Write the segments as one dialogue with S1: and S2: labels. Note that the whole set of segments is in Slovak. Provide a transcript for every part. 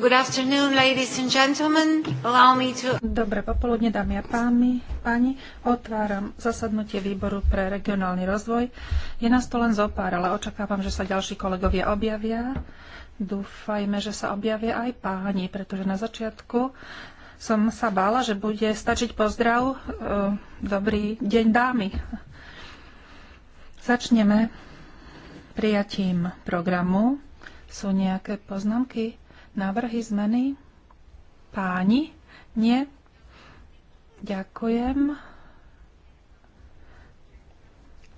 S1: Good afternoon, ladies and gentlemen. Allow me to... Dobré popoludne, dámy a páni, páni. Otváram zasadnutie výboru pre regionálny rozvoj. Je nás to len zopár, ale očakávam, že sa ďalší kolegovia objavia. Dúfajme, že sa objavia aj páni, pretože na začiatku som sa bála, že bude stačiť pozdrav. E, dobrý deň, dámy. Začneme prijatím programu. Sú nejaké poznámky? návrhy zmeny? Páni? Nie? Ďakujem.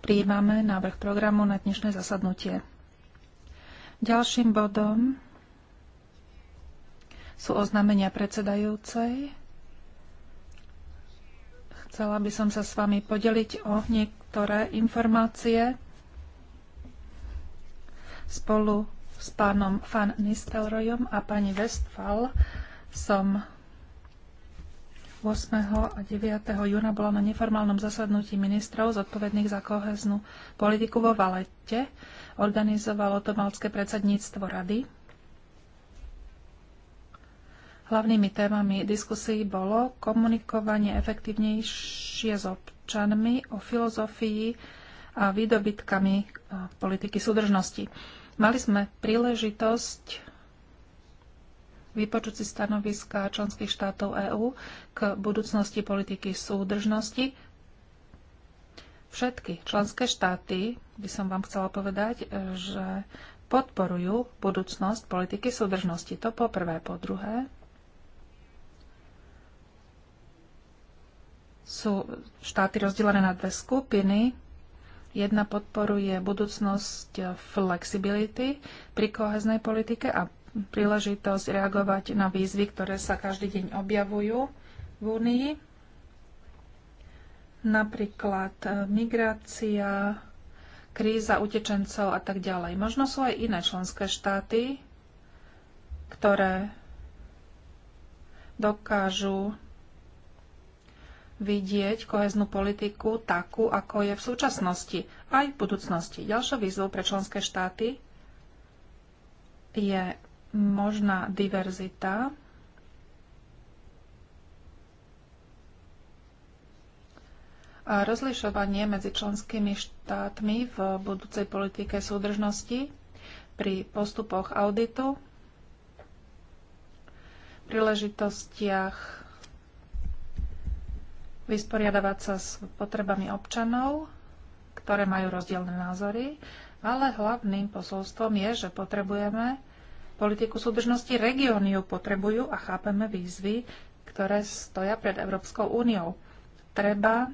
S1: Príjmame návrh programu na dnešné zasadnutie. Ďalším bodom sú oznámenia predsedajúcej. Chcela by som sa s vami podeliť o niektoré informácie spolu s pánom Van Nistelrojom a pani Westfall som 8. a 9. júna bola na neformálnom zasadnutí ministrov zodpovedných za koheznú politiku vo Valete. Organizovalo to malské predsedníctvo rady. Hlavnými témami diskusí bolo komunikovanie efektívnejšie s občanmi o filozofii a výdobytkami politiky súdržnosti. Mali sme príležitosť vypočuť si stanoviska členských štátov EÚ k budúcnosti politiky súdržnosti. Všetky členské štáty, by som vám chcela povedať, e, že podporujú budúcnosť politiky súdržnosti. To po prvé. Po druhé, sú štáty rozdelené na dve skupiny Jedna podporuje budúcnosť flexibility pri koheznej politike a príležitosť reagovať na výzvy, ktoré sa každý deň objavujú v Únii. Napríklad e, migrácia, kríza utečencov a tak ďalej. Možno sú aj iné členské štáty, ktoré dokážu vidieť koheznú politiku takú, ako je v súčasnosti, aj v budúcnosti. Ďalšou výzvou pre členské štáty je možná diverzita. A rozlišovanie medzi členskými štátmi v budúcej politike súdržnosti pri postupoch auditu, príležitostiach vysporiadavať sa s potrebami občanov, ktoré majú rozdielne názory, ale hlavným posolstvom je, že potrebujeme politiku súdržnosti, regióny ju potrebujú a chápeme výzvy, ktoré stoja pred Európskou úniou. Treba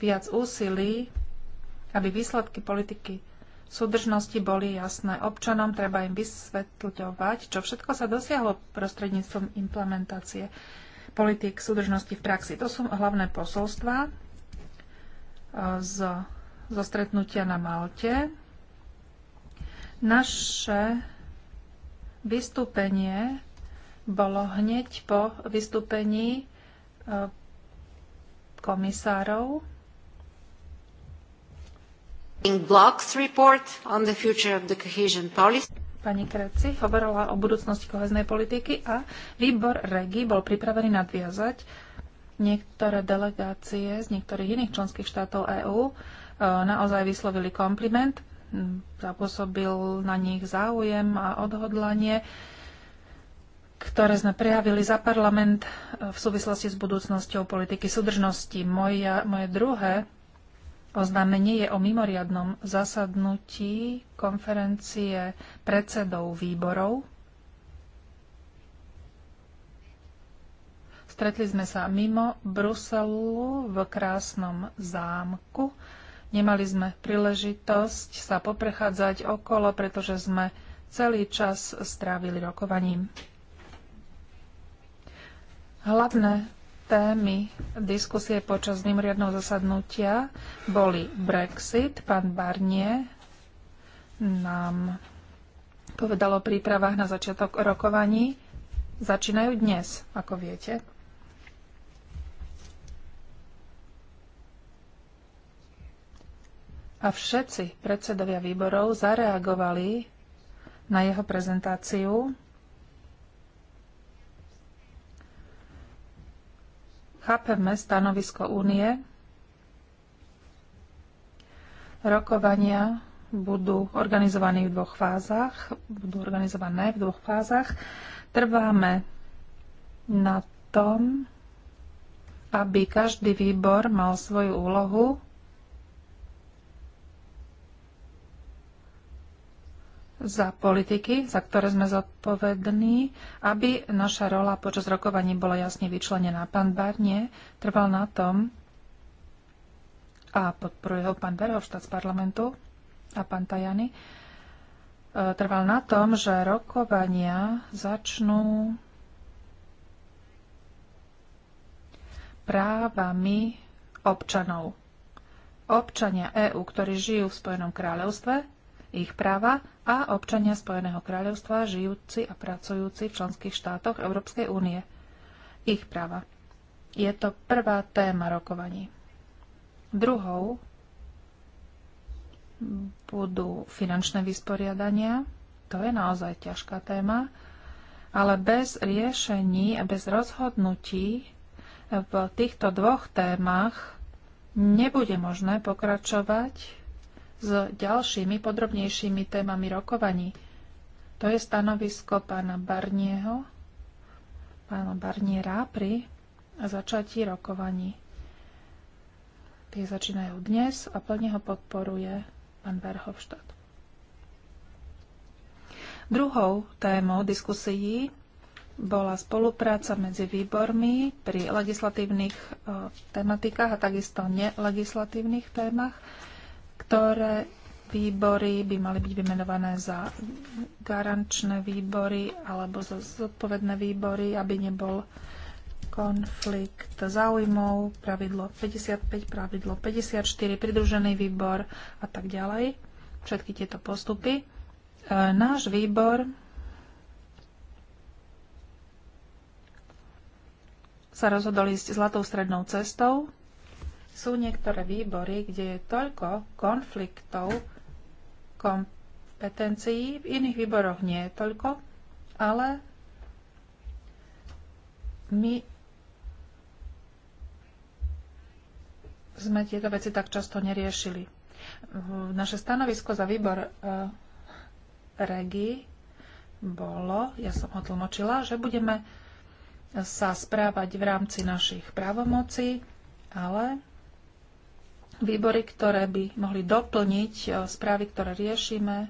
S1: viac úsilí, aby výsledky politiky súdržnosti boli jasné občanom, treba im vysvetľovať, čo všetko sa dosiahlo prostredníctvom implementácie politik súdržnosti v praxi. To sú hlavné posolstva e, z, zo stretnutia na Malte. Naše vystúpenie bolo hneď po vystúpení e, komisárov. Blocks report on the future of the cohesion policy pani Kreci hovorila o budúcnosti koheznej politiky a výbor REGI bol pripravený nadviazať niektoré delegácie z niektorých iných členských štátov EÚ e, naozaj vyslovili kompliment, zapôsobil na nich záujem a odhodlanie, ktoré sme prejavili za parlament e, v súvislosti s budúcnosťou politiky súdržnosti. Moje, moje druhé Oznámenie je o mimoriadnom zasadnutí konferencie predsedov výborov. Stretli sme sa mimo Bruselu v krásnom zámku. Nemali sme príležitosť sa poprechádzať okolo, pretože sme celý čas strávili rokovaním. Hlavné témy diskusie počas mimoriadného zasadnutia boli Brexit. Pán Barnier nám povedal o prípravách na začiatok rokovaní. Začínajú dnes, ako viete. A všetci predsedovia výborov zareagovali na jeho prezentáciu chápeme stanovisko únie. Rokovania budú organizované v dvoch fázach. Budú organizované v dvoch fázach. Trváme na tom, aby každý výbor mal svoju úlohu za politiky, za ktoré sme zodpovední, aby naša rola počas rokovaní bola jasne vyčlenená. Pán Barnie trval na tom a podporuje ho pán Verhofstadt z parlamentu a pán Tajany, e, trval na tom, že rokovania začnú právami občanov. Občania EÚ, ktorí žijú v Spojenom kráľovstve, ich práva a občania Spojeného kráľovstva žijúci a pracujúci v členských štátoch Európskej únie. Ich práva. Je to prvá téma rokovaní. Druhou budú finančné vysporiadania. To je naozaj ťažká téma, ale bez riešení a bez rozhodnutí v týchto dvoch témach nebude možné pokračovať s ďalšími podrobnejšími témami rokovaní. To je stanovisko pána Barnieho, pána Barniera pri začatí rokovaní. Tie začínajú dnes a plne ho podporuje pán Verhofstadt. Druhou témou diskusií bola spolupráca medzi výbormi pri legislatívnych eh, tematikách a takisto nelegislatívnych témach ktoré výbory by mali byť vymenované za garančné výbory alebo za zodpovedné výbory, aby nebol konflikt záujmov, pravidlo 55, pravidlo 54, pridružený výbor a tak ďalej. Všetky tieto postupy. E, náš výbor sa rozhodol ísť zlatou strednou cestou sú niektoré výbory, kde je toľko konfliktov kompetencií, v iných výboroch nie je toľko, ale my sme tieto veci tak často neriešili. Naše stanovisko za výbor uh, REGI bolo, ja som ho tlmočila, že budeme sa správať v rámci našich právomocí, ale výbory, ktoré by mohli doplniť e, správy, ktoré riešime.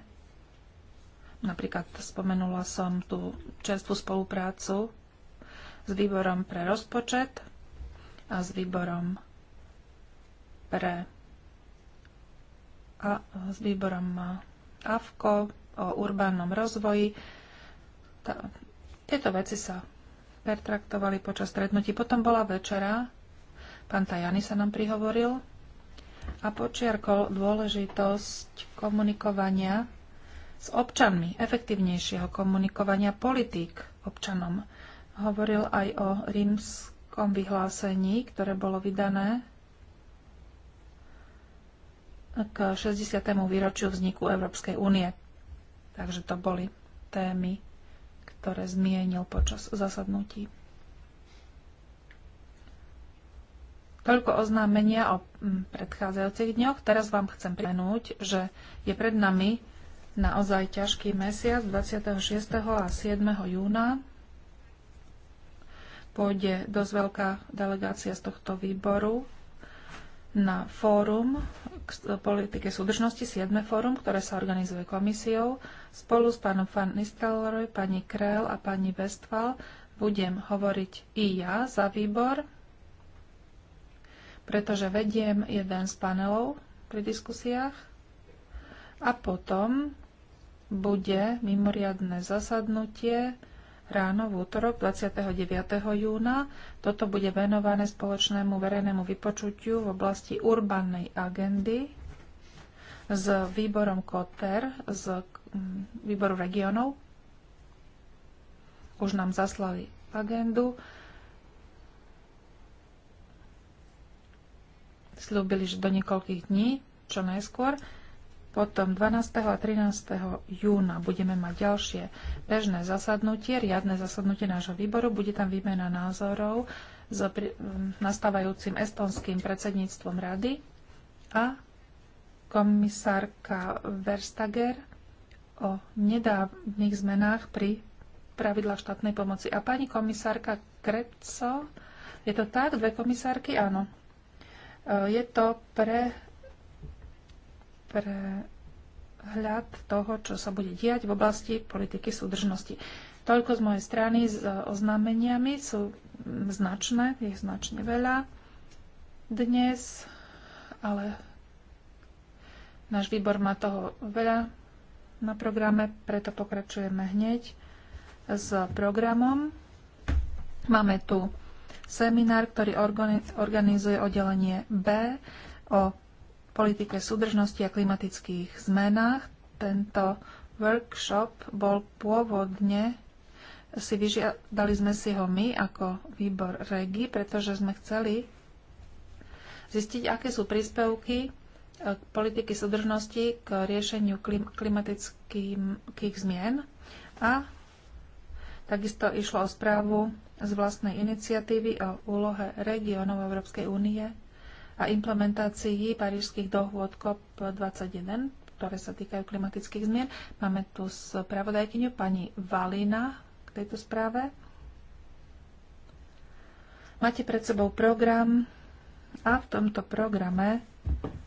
S1: Napríklad spomenula som tú čerstvú spoluprácu s výborom pre rozpočet a s výborom pre a s výborom e, AVKO o urbánnom rozvoji. Tá, tieto veci sa pertraktovali počas stretnutí. Potom bola večera, pán Tajani sa nám prihovoril, a počiarkol dôležitosť komunikovania s občanmi, efektívnejšieho komunikovania politík občanom. Hovoril aj o rímskom vyhlásení, ktoré bolo vydané k 60. výročiu vzniku Európskej únie. Takže to boli témy, ktoré zmienil počas zasadnutí. Toľko oznámenia o mm, predchádzajúcich dňoch. Teraz vám chcem pripomenúť, že je pred nami naozaj ťažký mesiac 26. a 7. júna. Pôjde dosť veľká delegácia z tohto výboru na fórum k politike súdržnosti, 7. fórum, ktoré sa organizuje komisiou. Spolu s pánom Van Nistelrooy, pani Krell a pani Westphal budem hovoriť i ja za výbor pretože vediem jeden z panelov pri diskusiách a potom bude mimoriadne zasadnutie ráno v útorok 29. júna. Toto bude venované spoločnému verejnému vypočutiu v oblasti urbannej agendy s výborom Koter z výboru regionov. Už nám zaslali agendu. slúbili, že do niekoľkých dní, čo najskôr. Potom 12. a 13. júna budeme mať ďalšie bežné zasadnutie, riadne zasadnutie nášho výboru. Bude tam výmena názorov s nastávajúcim estonským predsedníctvom rady a komisárka Verstager o nedávnych zmenách pri pravidlách štátnej pomoci. A pani komisárka Kretco, je to tak? Dve komisárky? Áno. Eh, je to pre, pre hľad toho, čo sa bude diať v oblasti politiky súdržnosti. Toľko z mojej strany s eh, oznámeniami sú značné, je značne veľa dnes, ale náš výbor má toho veľa na programe, preto pokračujeme hneď s programom. Máme tu seminár, ktorý organizuje oddelenie B o politike súdržnosti a klimatických zmenách. Tento workshop bol pôvodne, si vyžiadali sme si ho my ako výbor REGI, pretože sme chceli zistiť, aké sú príspevky e, politiky súdržnosti k riešeniu klimatických zmien a Takisto išlo o správu z vlastnej iniciatívy o úlohe regiónov Európskej únie a implementácii parížských dohôd COP21, ktoré sa týkajú klimatických zmien. Máme tu spravodajkyňu pani Valina k tejto správe. Máte pred sebou program a v tomto programe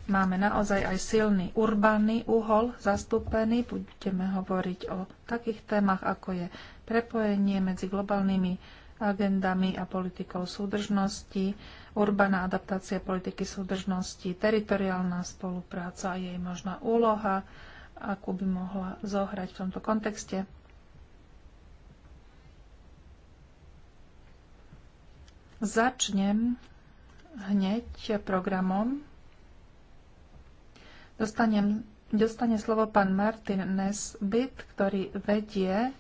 S1: Máme naozaj aj silný urbánny uhol zastúpený. Budeme hovoriť o takých témach, ako je prepojenie medzi globálnymi agendami a politikou súdržnosti, urbaná adaptácia politiky súdržnosti, teritoriálna spolupráca a jej možná úloha, akú by mohla zohrať v tomto kontexte. Začnem hneď programom Dostanem, dostane slovo pán Martin Nesbit, ktorý vedie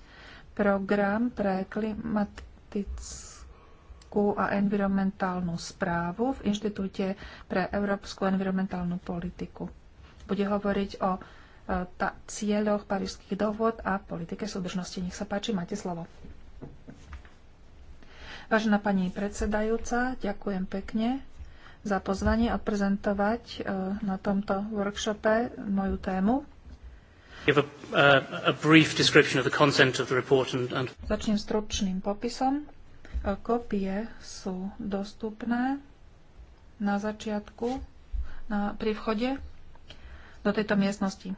S1: program pre klimatickú a environmentálnu správu v Inštitúte pre európsku environmentálnu politiku. Bude hovoriť o e, ta, cieľoch parížských dohôd a politike súdržnosti. Nech sa páči, máte slovo. Vážená pani predsedajúca, ďakujem pekne za pozvanie odprezentovať e, na tomto workshope moju tému. Začnem stručným popisom. E, kopie sú dostupné na začiatku, na, pri vchode do tejto miestnosti.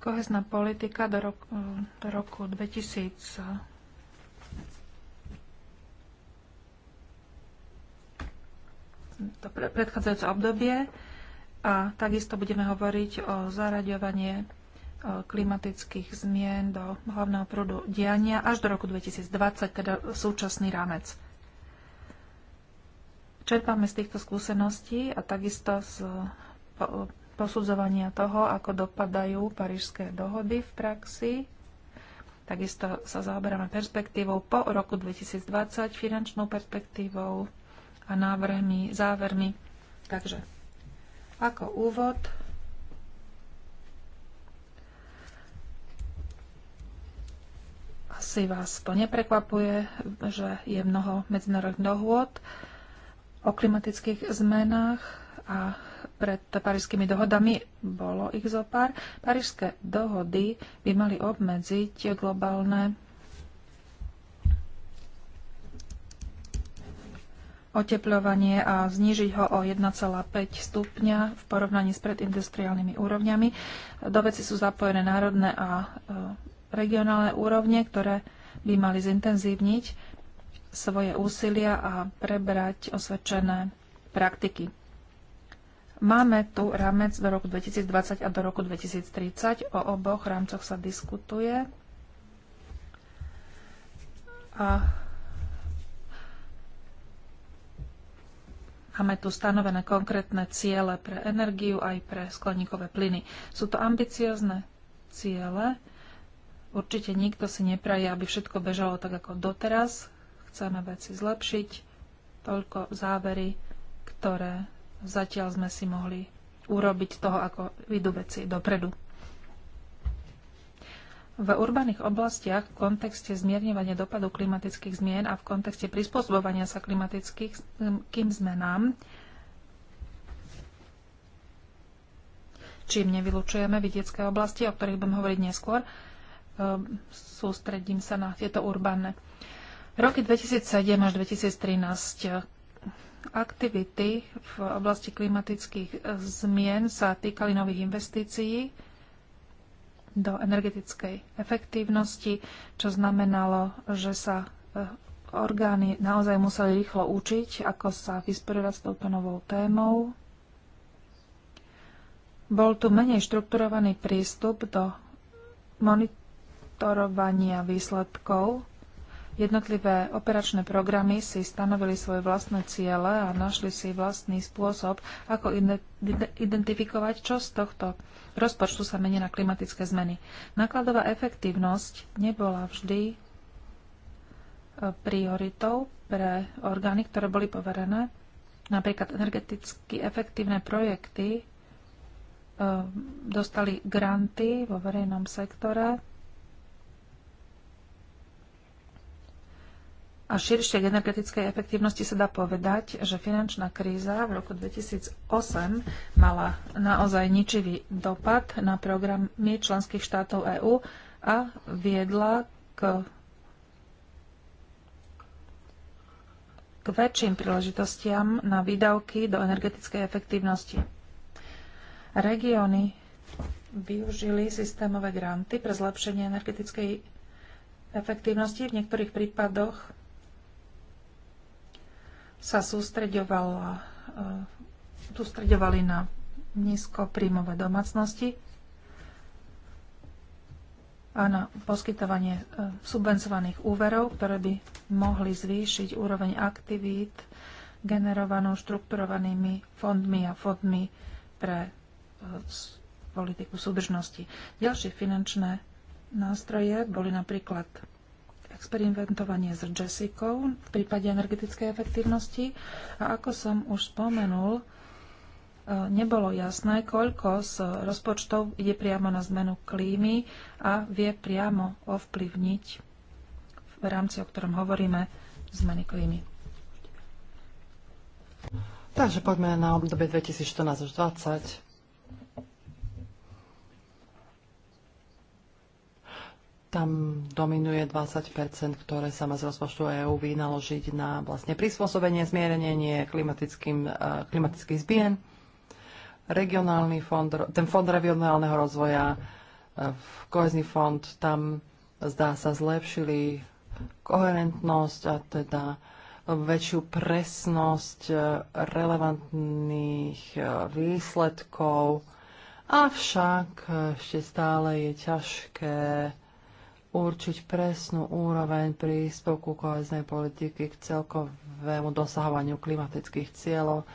S1: Kohezná politika do roku, e, do roku 2000 to predchádzajúce obdobie a takisto budeme hovoriť o zaraďovanie klimatických zmien do hlavného prúdu diania až do roku 2020, teda súčasný rámec. Čerpáme z týchto skúseností a takisto z posudzovania toho, ako dopadajú parížské dohody v praxi. Takisto sa zaoberáme perspektívou po roku 2020, finančnou perspektívou a návrhmi, závermi. Takže ako úvod asi vás to neprekvapuje, že je mnoho medzinárodných dohôd o klimatických zmenách a pred parížskými dohodami bolo ich zo pár. Parížské dohody by mali obmedziť globálne oteplovanie a znížiť ho o 1,5 stupňa v porovnaní s predindustriálnymi úrovňami. Do veci sú zapojené národné a e, regionálne úrovne, ktoré by mali zintenzívniť svoje úsilia a prebrať osvedčené praktiky. Máme tu rámec do roku 2020 a do roku 2030. O oboch rámcoch sa diskutuje. A Máme tu stanovené konkrétne ciele pre energiu aj pre skleníkové plyny. Sú to ambiciozne ciele. Určite nikto si nepraje, aby všetko bežalo tak ako doteraz. Chceme veci zlepšiť. Toľko závery, ktoré zatiaľ sme si mohli urobiť toho, ako idú veci dopredu. V urbaných oblastiach v kontexte zmierňovania dopadu klimatických zmien a v kontexte prispôsobovania sa klimatickým zmenám, čím nevylučujeme vidiecké oblasti, o ktorých budem hovoriť neskôr, um, sústredím sa na tieto urbané. Roky 2007 až 2013 eh, aktivity v oblasti klimatických eh, zmien sa týkali nových investícií, do energetickej efektívnosti, čo znamenalo, že sa eh, orgány naozaj museli rýchlo učiť, ako sa vysporiadať s touto novou témou. Bol tu menej štrukturovaný prístup do monitorovania výsledkov Jednotlivé operačné programy si stanovili svoje vlastné ciele a našli si vlastný spôsob, ako identifikovať, čo z tohto rozpočtu sa mení na klimatické zmeny. Nákladová efektívnosť nebola vždy e, prioritou pre orgány, ktoré boli poverené. Napríklad energeticky efektívne projekty e, dostali granty vo verejnom sektore a širšie k energetickej efektívnosti sa dá povedať, že finančná kríza v roku 2008 mala naozaj ničivý dopad na programy členských štátov EÚ a viedla k, k väčším príležitostiam na výdavky do energetickej efektívnosti. Regióny využili systémové granty pre zlepšenie energetickej efektívnosti, v niektorých prípadoch sa sústreďovala, e, sústreďovali na nízkopríjmové domácnosti a na poskytovanie e, subvencovaných úverov, ktoré by mohli zvýšiť úroveň aktivít generovanú štrukturovanými fondmi a fondmi pre e, politiku súdržnosti. Ďalšie finančné nástroje boli napríklad experimentovanie s Jessicou v prípade energetickej efektívnosti. A ako som už spomenul, e, nebolo jasné, koľko z rozpočtov ide priamo na zmenu klímy a vie priamo ovplyvniť v rámci, o ktorom hovoríme, zmeny klímy.
S2: Takže poďme na obdobie 2014 až 2020. Tam dominuje 20 ktoré sa má z rozpočtu EÚ vynaložiť na vlastne prispôsobenie, zmierenie e, klimatických zmien. Regionálny fond, ten fond regionálneho rozvoja, e, kohezný fond, tam zdá sa zlepšili koherentnosť a teda väčšiu presnosť e, relevantných výsledkov. Avšak ešte stále je ťažké určiť presnú úroveň príspevku koheznej politiky k celkovému dosahovaniu klimatických cieľov.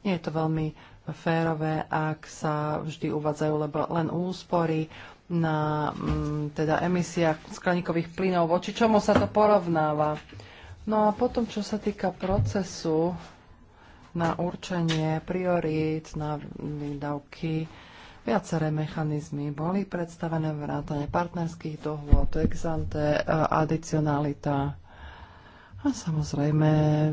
S2: Nie je to veľmi férové, ak sa vždy uvádzajú len úspory na mm, teda emisiách skleníkových plynov, voči čomu sa to porovnáva. No a potom, čo sa týka procesu na určenie priorít, na výdavky, Viaceré mechanizmy boli predstavené vrátane partnerských dohôd, exante, e, adicionalita a samozrejme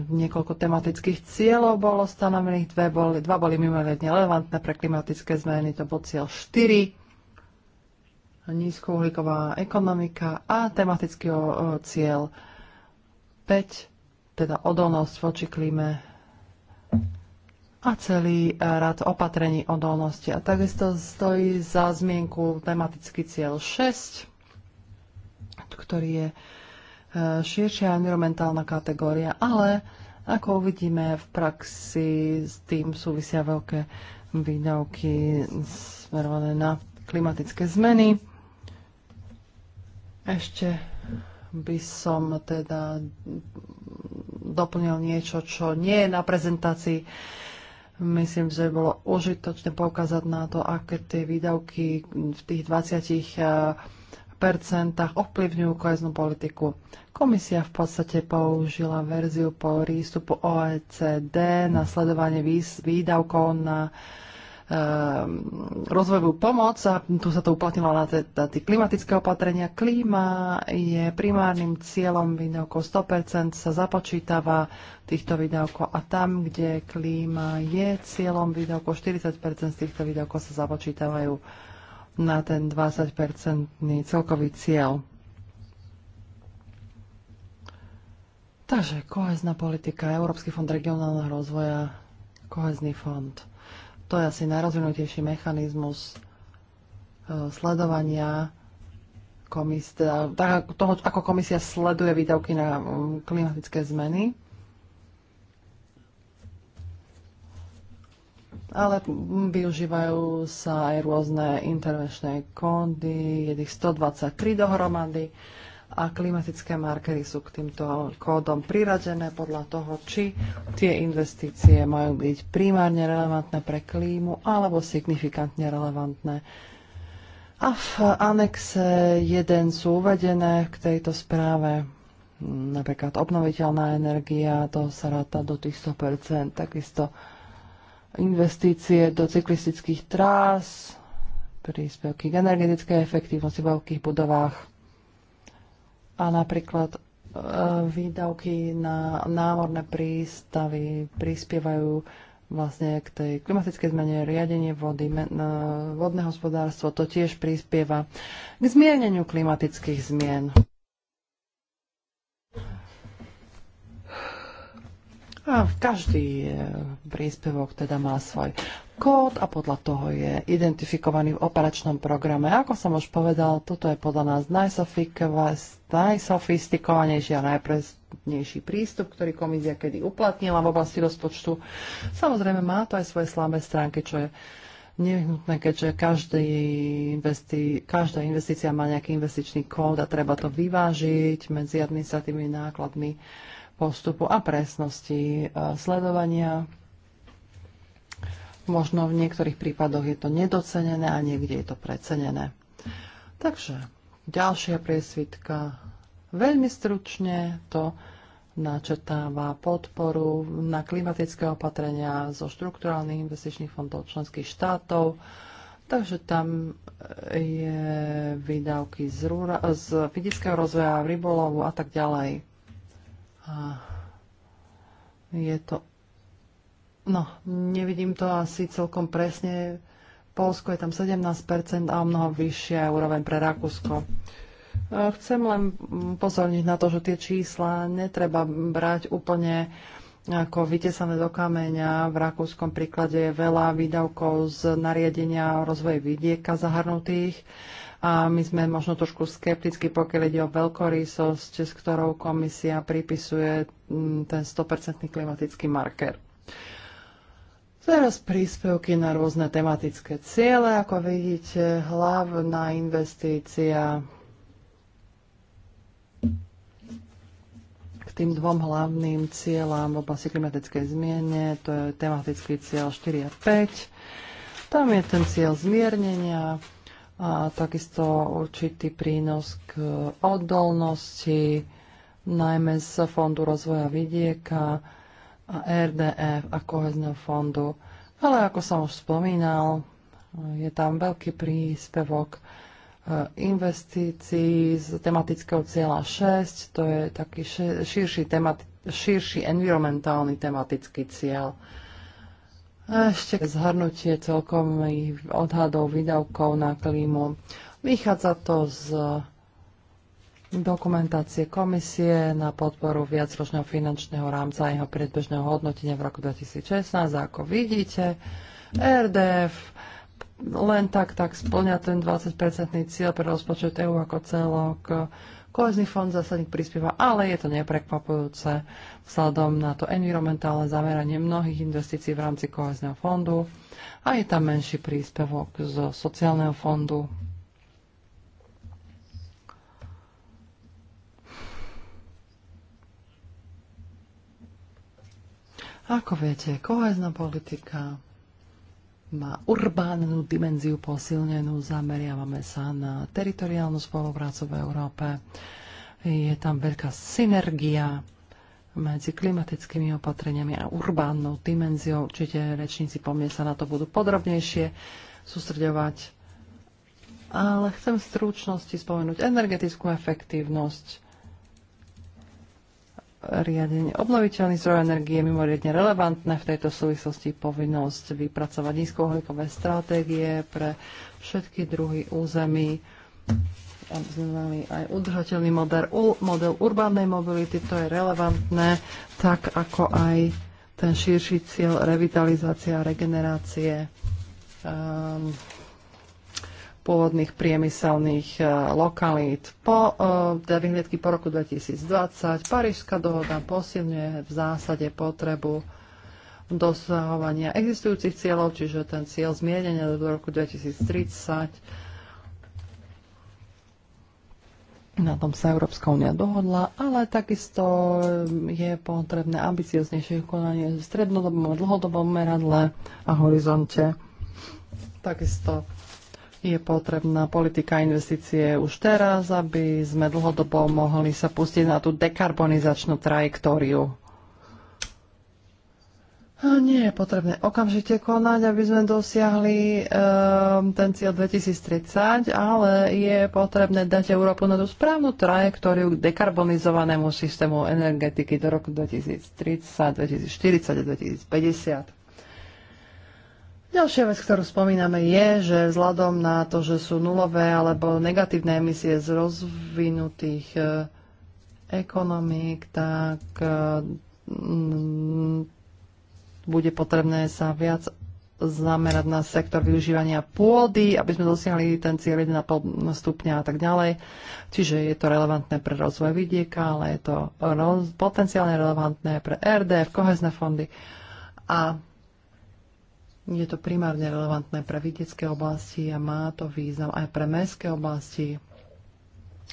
S2: niekoľko tematických cieľov bolo stanovených, dve boli, dva boli mimoriadne relevantné pre klimatické zmeny, to bol cieľ 4, nízkouhlíková ekonomika a tematický e, cieľ 5, teda odolnosť voči klíme a celý e, rad opatrení odolnosti. A takisto stojí za zmienku tematický cieľ 6, ktorý je e, širšia environmentálna kategória, ale ako uvidíme v praxi, s tým súvisia veľké výdavky smerované na klimatické zmeny. Ešte by som teda doplnil niečo, čo nie je na prezentácii Myslím, že bolo užitočné poukázať na to, aké tie výdavky v tých 20 eh, percentách ovplyvňujú koheznú politiku. Komisia v podstate použila verziu po prístupu OECD na sledovanie výdavkov na uh, Ehm, rozvojovú pomoc a tu sa to uplatnilo na tie klimatické opatrenia. Klíma je primárnym cieľom výdavkov 100%, sa započítava týchto výdavkov a tam, kde klíma je cieľom výdavkov, 40% z týchto výdavkov sa započítavajú na ten 20-percentný celkový cieľ. Takže kohezná politika, Európsky fond regionálneho rozvoja, kohezný fond to je asi najrozvinutejší mechanizmus e, sledovania komisie, teda, toho, ako komisia sleduje výdavky na klimatické zmeny. Ale využívajú sa aj rôzne intervenčné kondy, je ich 123 dohromady a klimatické markery sú k týmto kódom priradené podľa toho, či tie investície majú byť primárne relevantné pre klímu alebo signifikantne relevantné. A v anexe 1 sú uvedené k tejto správe napríklad obnoviteľná energia, to sa ráta do tých 100%, takisto investície do cyklistických trás, príspevky k energetickej efektívnosti v veľkých budovách, a napríklad e, výdavky na námorné prístavy prispievajú vlastne k tej klimatickej zmene, riadenie vody, e, vodné hospodárstvo, to tiež prispieva k zmierneniu klimatických zmien. A Každý e, príspevok teda má svoj kód a podľa toho je identifikovaný v operačnom programe. Ako som už povedal, toto je podľa nás najsofistikovanejší a najpresnejší prístup, ktorý komisia kedy uplatnila v oblasti rozpočtu. Samozrejme má to aj svoje slabé stránky, čo je nevyhnutné, keďže každý investi- každá investícia má nejaký investičný kód a treba to vyvážiť medzi administratívnymi nákladmi postupu a presnosti e, sledovania. Možno v niektorých prípadoch je to nedocenené a niekde je to precenené. Takže ďalšia priesvitka. Veľmi stručne to načetáva podporu na klimatické opatrenia zo štrukturálnych investičných fondov členských štátov. Takže tam je výdavky z, rúra, z vidického rozvoja, rybolovu a tak ďalej. A je to... No, nevidím to asi celkom presne. Polsko je tam 17% a o mnoho vyššia úroveň pre Rakúsko. E, chcem len pozorniť na to, že tie čísla netreba brať úplne ako vytesané do kameňa. V rakúskom príklade je veľa výdavkov z nariadenia o rozvoji vidieka zahrnutých a my sme možno trošku skepticky, pokiaľ ide o veľkorysosť, s ktorou komisia pripisuje mm, ten 100% klimatický marker. Teraz príspevky na rôzne tematické ciele. Ako vidíte, hlavná investícia k tým dvom hlavným cieľam v oblasti klimatickej zmiene, to je tematický cieľ 4 a 5. Tam je ten cieľ zmiernenia, a takisto určitý prínos k odolnosti, najmä z Fondu rozvoja vidieka a RDF a kohezného fondu. Ale ako som už spomínal, je tam veľký príspevok e, investícií z tematického cieľa 6, to je taký širší, temati- širší environmentálny tematický cieľ. Ešte zhrnutie celkom odhadov výdavkov na klímu. Vychádza to z dokumentácie komisie na podporu viacročného finančného rámca a jeho predbežného hodnotenia v roku 2016. ako vidíte, RDF len tak tak splňa ten 20-percentný cieľ pre rozpočet EU ako celok. Kohezný fond zásadník prispieva, ale je to neprekvapujúce vzhľadom na to environmentálne zameranie mnohých investícií v rámci kohezného fondu a je tam menší príspevok zo sociálneho fondu. Ako viete, kohezná politika má urbánnu dimenziu posilnenú, zameriavame sa na teritoriálnu spoluprácu v Európe. Je tam veľká synergia medzi klimatickými opatreniami a urbánnou dimenziou. Určite rečníci po mne sa na to budú podrobnejšie sústredovať. Ale chcem v stručnosti spomenúť energetickú efektívnosť, riadenie obnoviteľných zdrojov energie je mimoriadne relevantné. V tejto súvislosti povinnosť vypracovať nízkouhlíkové stratégie pre všetky druhy území, aby sme mali aj udržateľný model, model urbánnej mobility, to je relevantné, tak ako aj ten širší cieľ revitalizácia a regenerácie um, pôvodných priemyselných e, lokalít. Po e, teda vyhliadky po roku 2020 Parížská dohoda posilňuje v zásade potrebu dosahovania existujúcich cieľov, čiže ten cieľ zmierenia do roku 2030. Na tom sa Európska únia dohodla, ale takisto je potrebné ambicioznejšie konanie v strednodobom a dlhodobom meradle a horizonte. Takisto je potrebná politika investície už teraz, aby sme dlhodobo mohli sa pustiť na tú dekarbonizačnú trajektóriu. A nie je potrebné okamžite konať, aby sme dosiahli um, ten cieľ 2030, ale je potrebné dať Európu na tú správnu trajektóriu k dekarbonizovanému systému energetiky do roku 2030, 2040 a 2050. Ďalšia vec, ktorú spomíname, je, že vzhľadom na to, že sú nulové alebo negatívne emisie z rozvinutých e, ekonomík, tak e, bude potrebné sa viac zamerať na sektor využívania pôdy, aby sme dosiahli ten cieľ 1,5 stupňa a tak ďalej. Čiže je to relevantné pre rozvoj vidieka, ale je to roz, potenciálne relevantné pre RDF, kohezné fondy a je to primárne relevantné pre vidiecké oblasti a má to význam aj pre mestské oblasti,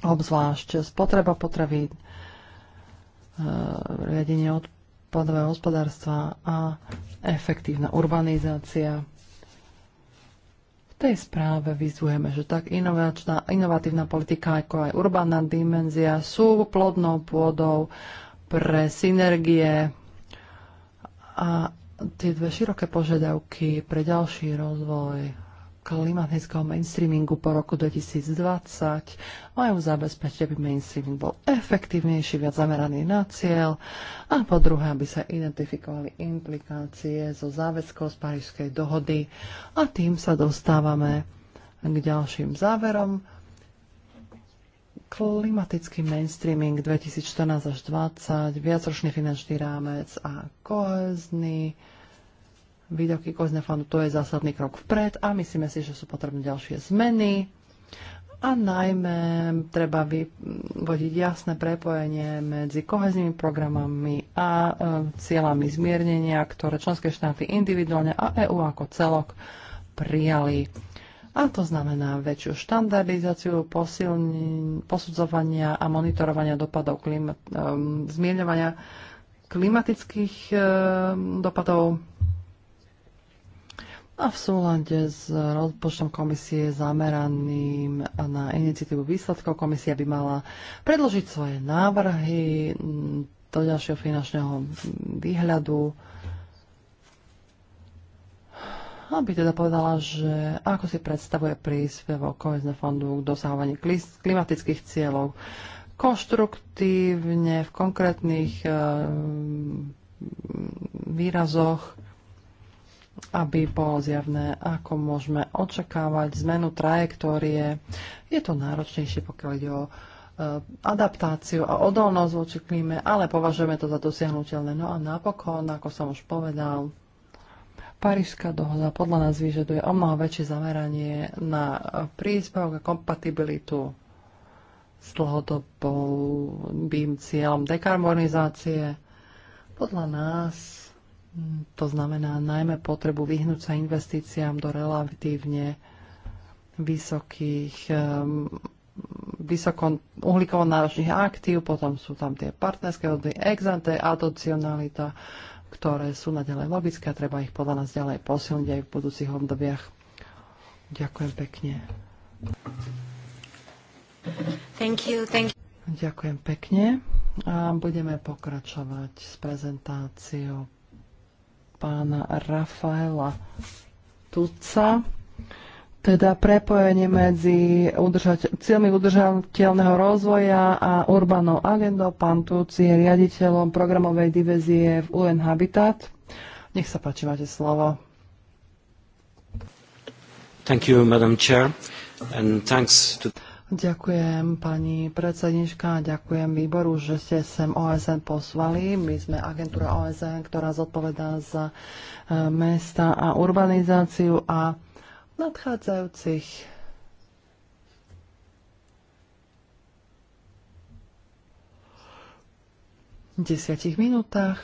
S2: obzvlášť spotreba potravín, e, riadenie odpadového hospodárstva a efektívna urbanizácia V tej správe vyzujeme, že tak inovačná, inovatívna politika ako aj urbánna dimenzia sú plodnou pôdou pre synergie a tie dve široké požiadavky pre ďalší rozvoj klimatického mainstreamingu po roku 2020 majú zabezpečiť, aby mainstreaming bol efektívnejší, viac zameraný na cieľ a po druhé, aby sa identifikovali implikácie zo záväzkou z Parížskej dohody a tým sa dostávame k ďalším záverom. Klimatický mainstreaming 2014 až 2020, viacročný finančný rámec a kohezný výdavky kohezného fondu. To je zásadný krok vpred a myslíme si, že sú potrebné ďalšie zmeny a najmä treba vyvodiť jasné prepojenie medzi koheznými programami a e, cieľami zmiernenia, ktoré členské štáty individuálne a EÚ ako celok prijali. A to znamená väčšiu štandardizáciu posudzovania a monitorovania dopadov klima, e, zmierňovania klimatických e, dopadov a v súlade s rozpočtom komisie zameraným na iniciatívu výsledkov komisia by mala predložiť svoje návrhy do ďalšieho finančného výhľadu, aby teda povedala, že ako si predstavuje príspevok kohezného fondu k dosahovaní klimatických cieľov konštruktívne v konkrétnych ehm, výrazoch aby bolo zjavné, ako môžeme očakávať zmenu trajektórie. Je to náročnejšie, pokiaľ ide o eh, adaptáciu a odolnosť voči klíme, ale považujeme to za dosiahnutelné. No a napokon, ako som už povedal, Parížská dohoda podľa nás vyžaduje o mnoho väčšie zameranie na eh, príspevok a kompatibilitu s dlhodobým cieľom dekarbonizácie. Podľa nás to znamená najmä potrebu vyhnúť sa investíciám do relatívne vysokých vysoko uhlíkovo náročných aktív, potom sú tam tie partnerské hodnoty exante, adocionalita, ktoré sú naďalej logické a treba ich podľa nás ďalej posilniť aj v budúcich obdobiach. Ďakujem pekne.
S1: Thank you, thank
S2: you. Ďakujem pekne. A budeme pokračovať s prezentáciou pána Rafaela Tuca teda prepojenie medzi udržať, cieľmi udržateľného rozvoja a urbanou agendou. Pán Tuc je riaditeľom programovej divezie v UN Habitat. Nech sa páči, máte slovo. Thank you, Madam Chair, and thanks to... Ďakujem pani predsednička, ďakujem výboru, že ste sem OSN poslali. My sme agentúra OSN, ktorá zodpovedá za e, mesta a urbanizáciu a v nadchádzajúcich desiatich minútach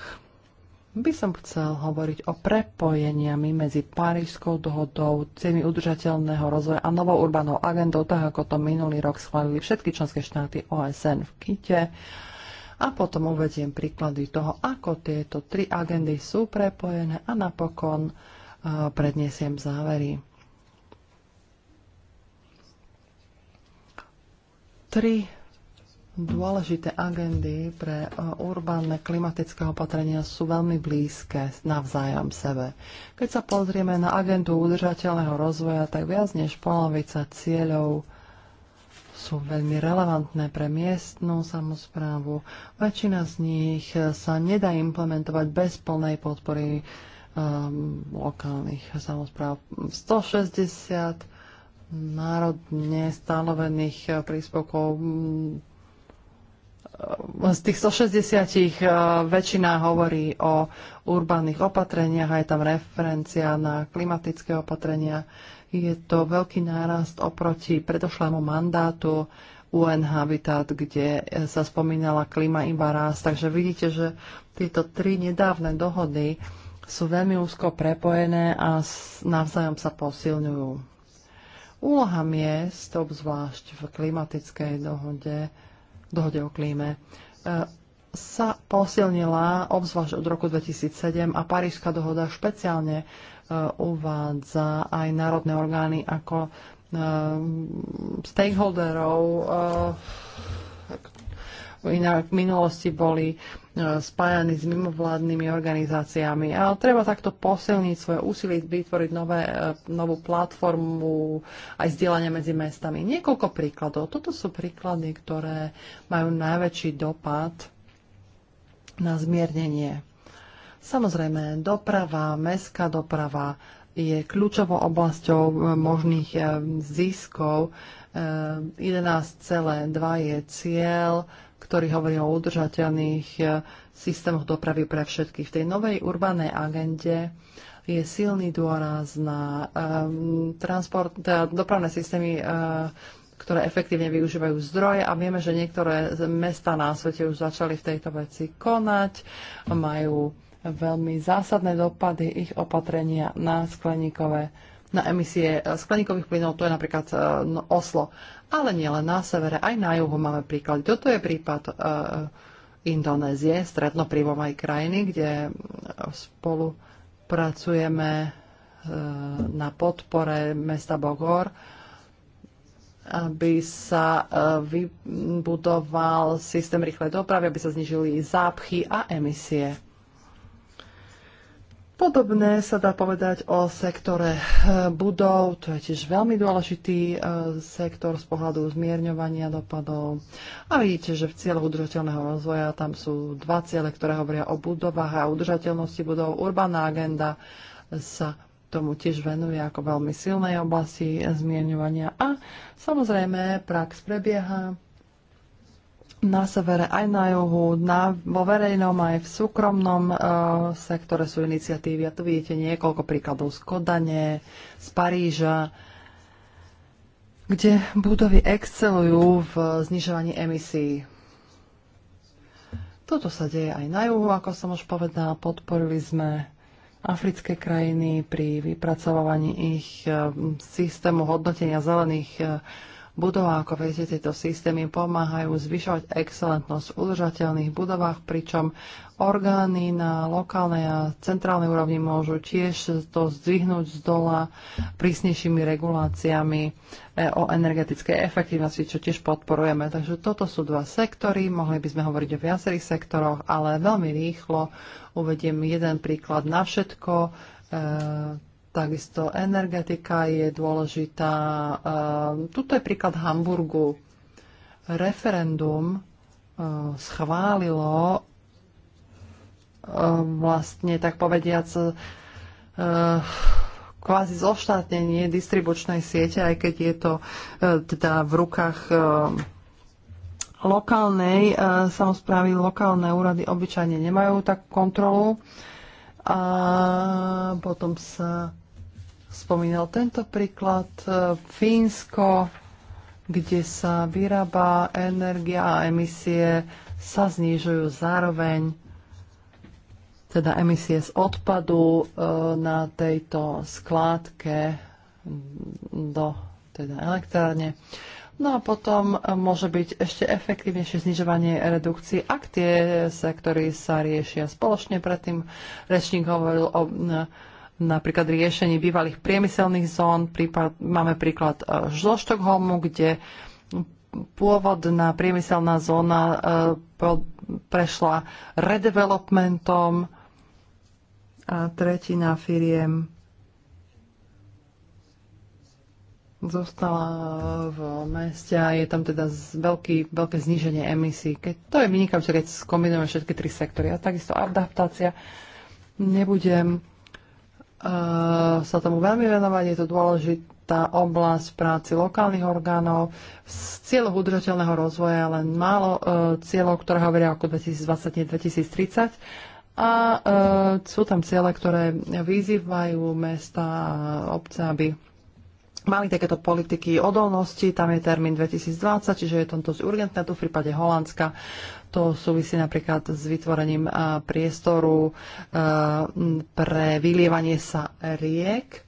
S2: by som chcel hovoriť o prepojeniami medzi Parížskou dohodou, cieľmi udržateľného rozvoja a novou urbanou agendou, tak ako to minulý rok schválili všetky členské štáty OSN v Kite. A potom uvediem príklady toho, ako tieto tri agendy sú prepojené a napokon e, predniesiem závery. Tri dôležité agendy pre e, urbánne klimatické opatrenia sú veľmi blízke navzájom sebe. Keď sa pozrieme na agendu udržateľného rozvoja, tak viac než polovica cieľov sú veľmi relevantné pre miestnú samozprávu. Väčšina z nich sa nedá implementovať bez plnej podpory um, lokálnych samozpráv. 160 národne stanovených príspevkov z tých 160 e, väčšina hovorí o urbánnych opatreniach a je tam referencia na klimatické opatrenia. Je to veľký nárast oproti predošlému mandátu UN Habitat, kde e, sa spomínala klima iba raz. Takže vidíte, že tieto tri nedávne dohody sú veľmi úzko prepojené a navzájom sa posilňujú. Úloha miest, obzvlášť v klimatickej dohode, dohode o klíme, e, sa posilnila obzvlášť od roku 2007 a Parížská dohoda špeciálne e, uvádza aj národné orgány ako e, stakeholderov inak v minulosti boli e, spájaní s mimovládnymi organizáciami. ale treba takto posilniť svoje úsilie, vytvoriť nové, e, novú platformu aj zdieľania medzi mestami. Niekoľko príkladov. Toto sú príklady, ktoré majú najväčší dopad na zmiernenie. Samozrejme, doprava, mestská doprava je kľúčovou oblasťou e, možných ziskov. 11,2 je cieľ ktorý hovorí o udržateľných e, systémoch dopravy pre všetkých. V tej novej urbanej agende je silný dôraz na um, transport, teda dopravné systémy, uh, ktoré efektívne využívajú zdroje a vieme, že niektoré mesta na svete už začali v tejto veci konať, majú veľmi zásadné dopady ich opatrenia na skleníkové na emisie eh, skleníkových plynov, to je napríklad eh, no, Oslo. Ale nielen na severe, aj na juhu máme príklady. Toto je prípad eh, Indonézie, aj krajiny, kde spolu pracujeme na podpore mesta Bogor, aby sa vybudoval systém rýchlej dopravy, aby sa znižili zápchy a emisie. Podobné sa dá povedať o sektore eh, budov, to je tiež veľmi dôležitý eh, sektor z pohľadu zmierňovania dopadov. A vidíte, že v cieľoch udržateľného rozvoja tam sú dva ciele, ktoré hovoria o budovách a udržateľnosti budov. Urbaná agenda sa tomu tiež venuje ako veľmi silnej oblasti zmierňovania. A samozrejme, prax prebieha na severe aj na juhu, na, vo verejnom aj v súkromnom e, sektore sú iniciatívy. A tu vidíte niekoľko príkladov z Kodane, z Paríža, kde budovy excelujú v znižovaní emisí. Toto sa deje aj na juhu, ako som už povedala, podporili sme africké krajiny pri vypracovávaní ich e, systému hodnotenia zelených e, Budova, ako viete, tieto systémy pomáhajú zvyšovať excelentnosť v udržateľných budovách, pričom orgány na lokálnej a centrálnej úrovni môžu tiež to zdvihnúť z dola prísnejšími reguláciami o energetickej efektivnosti, čo tiež podporujeme. Takže toto sú dva sektory, mohli by sme hovoriť o viacerých sektoroch, ale veľmi rýchlo uvediem jeden príklad na všetko e, Takisto energetika je dôležitá. Ehm, tuto je príklad Hamburgu. Referendum ehm, schválilo ehm, vlastne, tak povediac, kvázi zoštátnenie distribučnej siete, aj keď je to teda v rukách lokálnej samozprávy, lokálne úrady obyčajne nemajú takú kontrolu. A potom sa spomínal tento príklad. E, Fínsko, kde sa vyrába energia a emisie sa znižujú zároveň teda emisie z odpadu e, na tejto skládke do teda elektrárne. No a potom e, môže byť ešte efektívnejšie znižovanie redukcií, ak tie sektory sa riešia spoločne. Predtým rečník hovoril o napríklad riešení bývalých priemyselných zón. Prípad, máme príklad e, zo Štokholmu, kde pôvodná priemyselná zóna e, prešla redevelopmentom a e, tretina firiem zostala v meste a je tam teda veľký, veľké zníženie emisí. Keď, to je vynikajúce, keď skombinujeme všetky tri sektory. A takisto adaptácia. Nebudem sa tomu veľmi venovať. Je to dôležitá oblasť práci lokálnych orgánov. Z cieľov udržateľného rozvoja len málo cieľov, ktoré hovoria o 2020-2030. A sú tam ciele, ktoré vyzývajú mesta a obce, aby mali takéto politiky odolnosti, tam je termín 2020, čiže je to dosť urgentné, tu v prípade Holandska to súvisí napríklad s vytvorením e, priestoru e, pre vylievanie sa riek.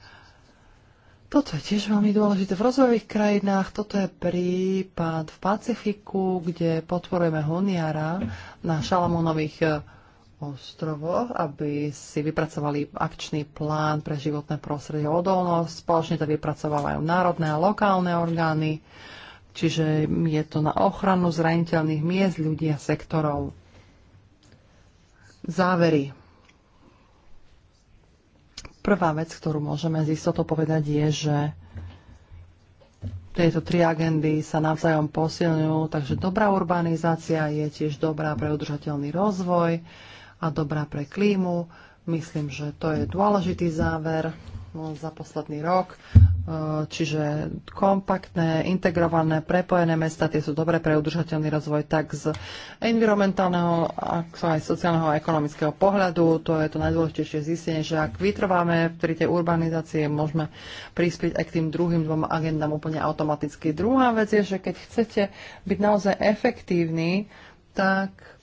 S2: Toto je tiež veľmi dôležité v rozvojových krajinách. Toto je prípad v Pacifiku, kde podporujeme Honiara na Šalamónových e, ostrovoch, aby si vypracovali akčný plán pre životné prostredie odolnosť. Spoločne to vypracovávajú národné a lokálne orgány, čiže je to na ochranu zraniteľných miest ľudí a sektorov. Závery. Prvá vec, ktorú môžeme z istotou povedať, je, že tieto tri agendy sa navzájom posilňujú, takže dobrá urbanizácia je tiež dobrá pre udržateľný rozvoj a dobrá pre klímu. Myslím, že to je dôležitý záver no, za posledný rok. E, čiže kompaktné, integrované, prepojené mesta, tie sú dobre pre udržateľný rozvoj tak z environmentálneho, ako aj sociálneho a ekonomického pohľadu. To je to najdôležitejšie zistenie, že ak vytrváme pri tej urbanizácii, môžeme prispieť aj k tým druhým dvom agendám úplne automaticky. Druhá vec je, že keď chcete byť naozaj efektívni, tak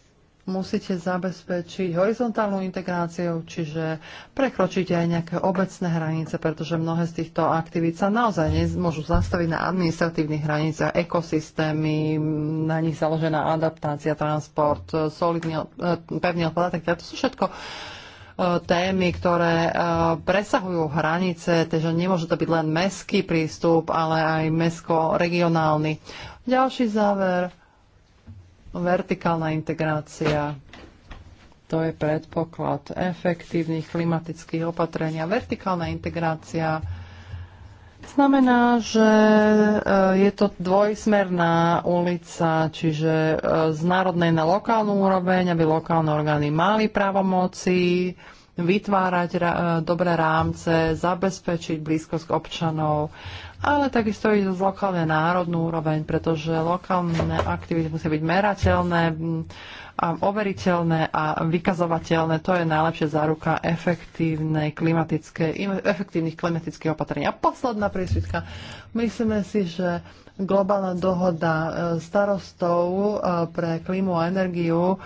S2: musíte zabezpečiť horizontálnu integráciu, čiže prekročíte aj nejaké obecné hranice, pretože mnohé z týchto aktivít sa naozaj môžu zastaviť na administratívnych hraniciach, ekosystémy, na nich založená adaptácia, transport, solidný, eh, pevný odpad a tak ďalej. To sú všetko eh, témy, ktoré eh, presahujú hranice, takže nemôže to byť len meský prístup, ale aj mesko-regionálny. Ďalší záver Vertikálna integrácia, to je predpoklad efektívnych klimatických opatrení. vertikálna integrácia znamená, že e, je to dvojsmerná ulica, čiže e, z národnej na lokálnu úroveň, aby lokálne orgány mali právomoci vytvárať e, dobré rámce, zabezpečiť blízkosť občanov ale takisto ísť z lokálne národnú úroveň, pretože lokálne aktivity musia byť merateľné, a overiteľné a vykazovateľné. To je najlepšia záruka efektívnej klimatické, efektívnych klimatických opatrení. A posledná prísvitka. Myslíme si, že globálna dohoda e, starostov e, pre klímu a energiu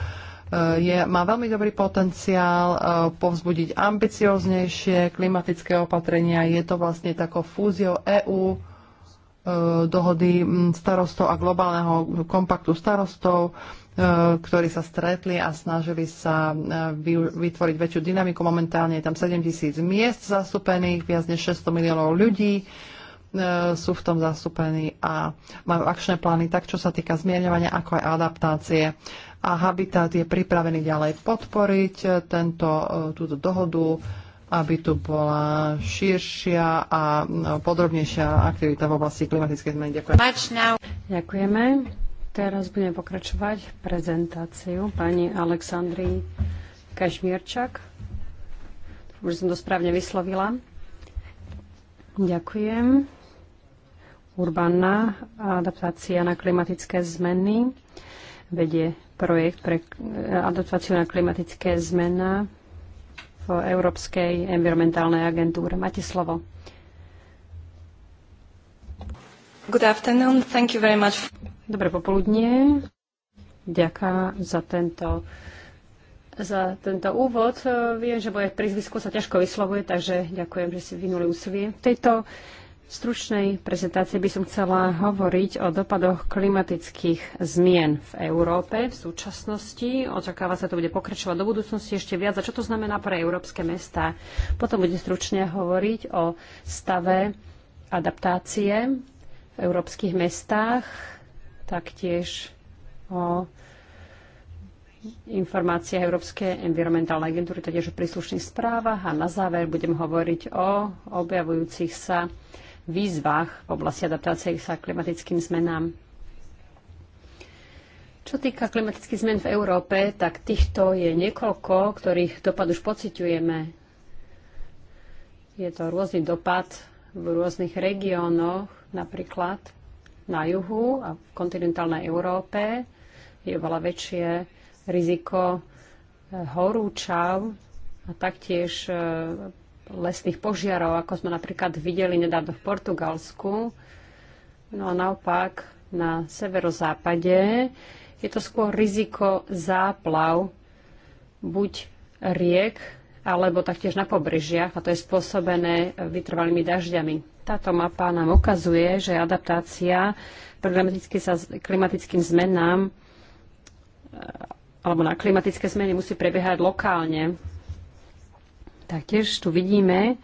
S2: Eh, je, má veľmi dobrý potenciál eh, povzbudiť ambicioznejšie klimatické opatrenia. Je to vlastne takou fúziou EÚ, eh, dohody mm, starostov a globálneho kompaktu starostov, ktorí sa stretli a snažili sa vytvoriť väčšiu dynamiku. Momentálne je tam 7 tisíc miest zastúpených, viac než 600 miliónov ľudí E, sú v tom zastúpení a majú akčné plány tak, čo sa týka zmierňovania, ako aj adaptácie. A Habitat je pripravený ďalej podporiť e, tento, e, túto dohodu, aby tu bola širšia a podrobnejšia aktivita v oblasti klimatickej zmeny. Ďakujem.
S3: Ďakujeme. Teraz budeme pokračovať prezentáciu pani Aleksandry Kašmierčak. Už som to správne vyslovila. Ďakujem. Urbana a adaptácia na klimatické zmeny. Vedie projekt pre eh, adaptáciu na klimatické zmena v Európskej environmentálnej agentúre. Máte slovo. Good afternoon. Thank you very much. Dobré popoludnie. Ďakujem za tento za tento úvod. Viem, že moje prízvisko sa ťažko vyslovuje, takže ďakujem, že si vynuli úsilie. V tejto stručnej prezentácii by som chcela hovoriť o dopadoch klimatických zmien v Európe v súčasnosti. Očakáva sa to bude pokračovať do budúcnosti ešte viac. A čo to znamená pre európske mesta? Potom bude stručne hovoriť o stave adaptácie v európskych mestách, taktiež o informácie Európskej environmentálnej agentúry, taktiež o príslušných správach a na záver budem hovoriť o objavujúcich sa výzvach v oblasti adaptácie sa klimatickým zmenám. Čo týka klimatických zmen v Európe, tak týchto je niekoľko, ktorých dopad už pociťujeme. Je to rôzny dopad v rôznych regiónoch, napríklad na juhu a v kontinentálnej Európe je oveľa väčšie riziko horúčav a taktiež e, lesných požiarov, ako sme napríklad videli nedávno v Portugalsku. No a naopak na severozápade je to skôr riziko záplav buď riek, alebo taktiež na pobrežiach a to je spôsobené vytrvalými dažďami. Táto mapa nám ukazuje, že adaptácia problematicky sa, klimatickým zmenám alebo na klimatické zmeny musí prebiehať lokálne Taktiež tu vidíme,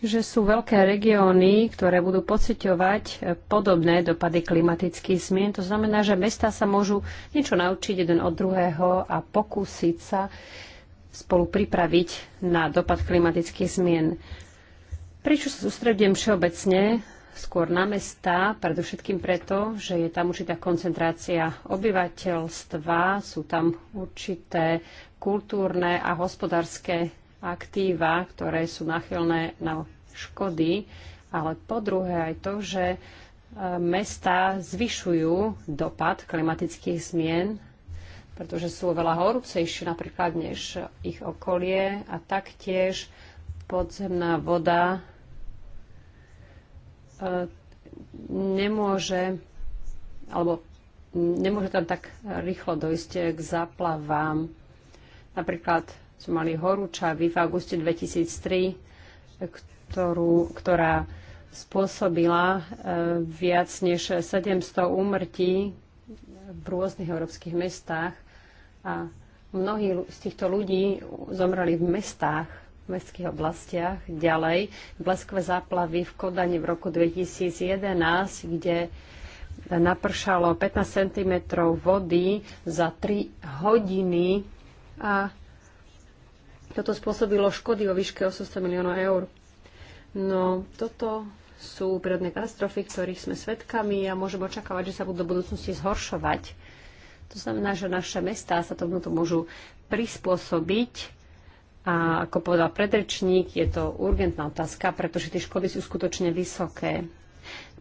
S3: že sú veľké regióny, ktoré budú pociťovať e, podobné dopady klimatických zmien. To znamená, že mesta sa môžu niečo naučiť jeden od druhého a pokúsiť sa spolu pripraviť na dopad klimatických zmien. Prečo sa sústredím všeobecne skôr na mesta, predovšetkým preto, že je tam určitá koncentrácia obyvateľstva, sú tam určité kultúrne a hospodárske aktíva, ktoré sú nachylné na škody, ale po druhé aj to, že e, mesta zvyšujú dopad klimatických zmien, pretože sú oveľa horúcejšie napríklad než ich okolie a taktiež podzemná voda e, nemôže alebo nemôže tam tak rýchlo dojsť k zaplavám. Napríklad sme mali horúčavy v auguste 2003, ktorú, ktorá spôsobila e, viac než 700 úmrtí v rôznych európskych mestách a mnohí z týchto ľudí zomreli v mestách, v mestských oblastiach. Ďalej, bleskové záplavy v Kodani v roku 2011, kde napršalo 15 cm vody za 3 hodiny a toto spôsobilo škody o výške 800 miliónov eur. No toto sú prírodné katastrofy, ktorých sme svedkami a môžeme očakávať, že sa budú do budúcnosti zhoršovať. To znamená, že naše mestá sa tomu to môžu prispôsobiť a ako povedal predrečník, je to urgentná otázka, pretože tie škody sú skutočne vysoké.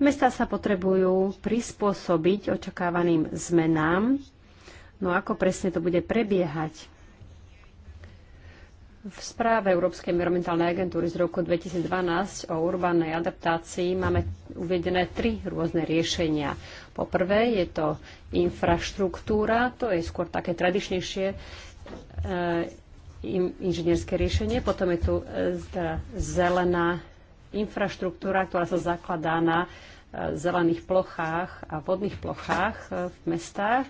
S3: Mestá sa potrebujú prispôsobiť očakávaným zmenám. No ako presne to bude prebiehať? V správe Európskej environmentálnej agentúry z roku 2012 o urbanej adaptácii máme uvedené tri rôzne riešenia. Po prvé je to infraštruktúra, to je skôr také tradičnejšie e, inžinierské riešenie. Potom je tu e, zelená infraštruktúra, ktorá sa zakladá na e, zelených plochách a vodných plochách e, v mestách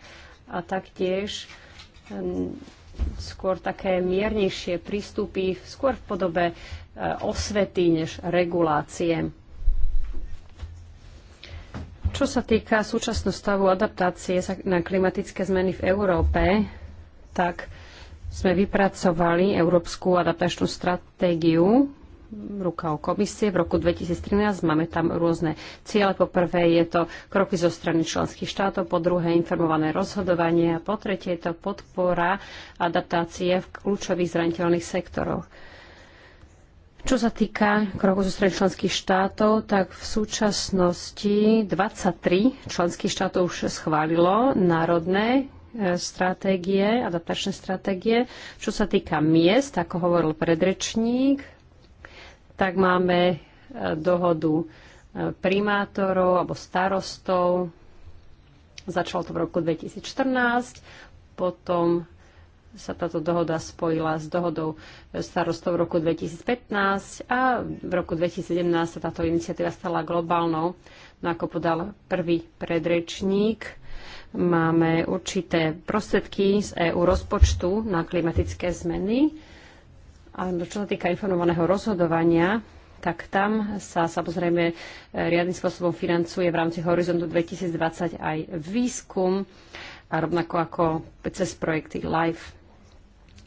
S3: a taktiež e, skôr také miernejšie prístupy, skôr v podobe e, osvety než regulácie. Čo sa týka súčasného stavu adaptácie na klimatické zmeny v Európe, tak sme vypracovali Európsku adaptačnú stratégiu rukou komisie. V roku 2013 máme tam rôzne ciele. Po prvé je to kroky zo strany členských štátov, po druhé informované rozhodovanie a po tretie je to podpora adaptácie v kľúčových zraniteľných sektoroch. Čo sa týka kroku zo strany členských štátov, tak v súčasnosti 23 členských štátov už schválilo národné e, stratégie, adaptačné stratégie. Čo sa týka miest, ako hovoril predrečník, tak máme e, dohodu e, primátorov alebo starostov. Začalo to v roku 2014, potom sa táto dohoda spojila s dohodou e, starostov v roku 2015 a v roku 2017 sa táto iniciatíva stala globálnou. No ako podal prvý predrečník, máme určité prostriedky z EU rozpočtu na klimatické zmeny a čo sa týka informovaného rozhodovania, tak tam sa samozrejme e, riadnym spôsobom financuje v rámci Horizontu 2020 aj výskum, a rovnako ako cez projekty LIFE.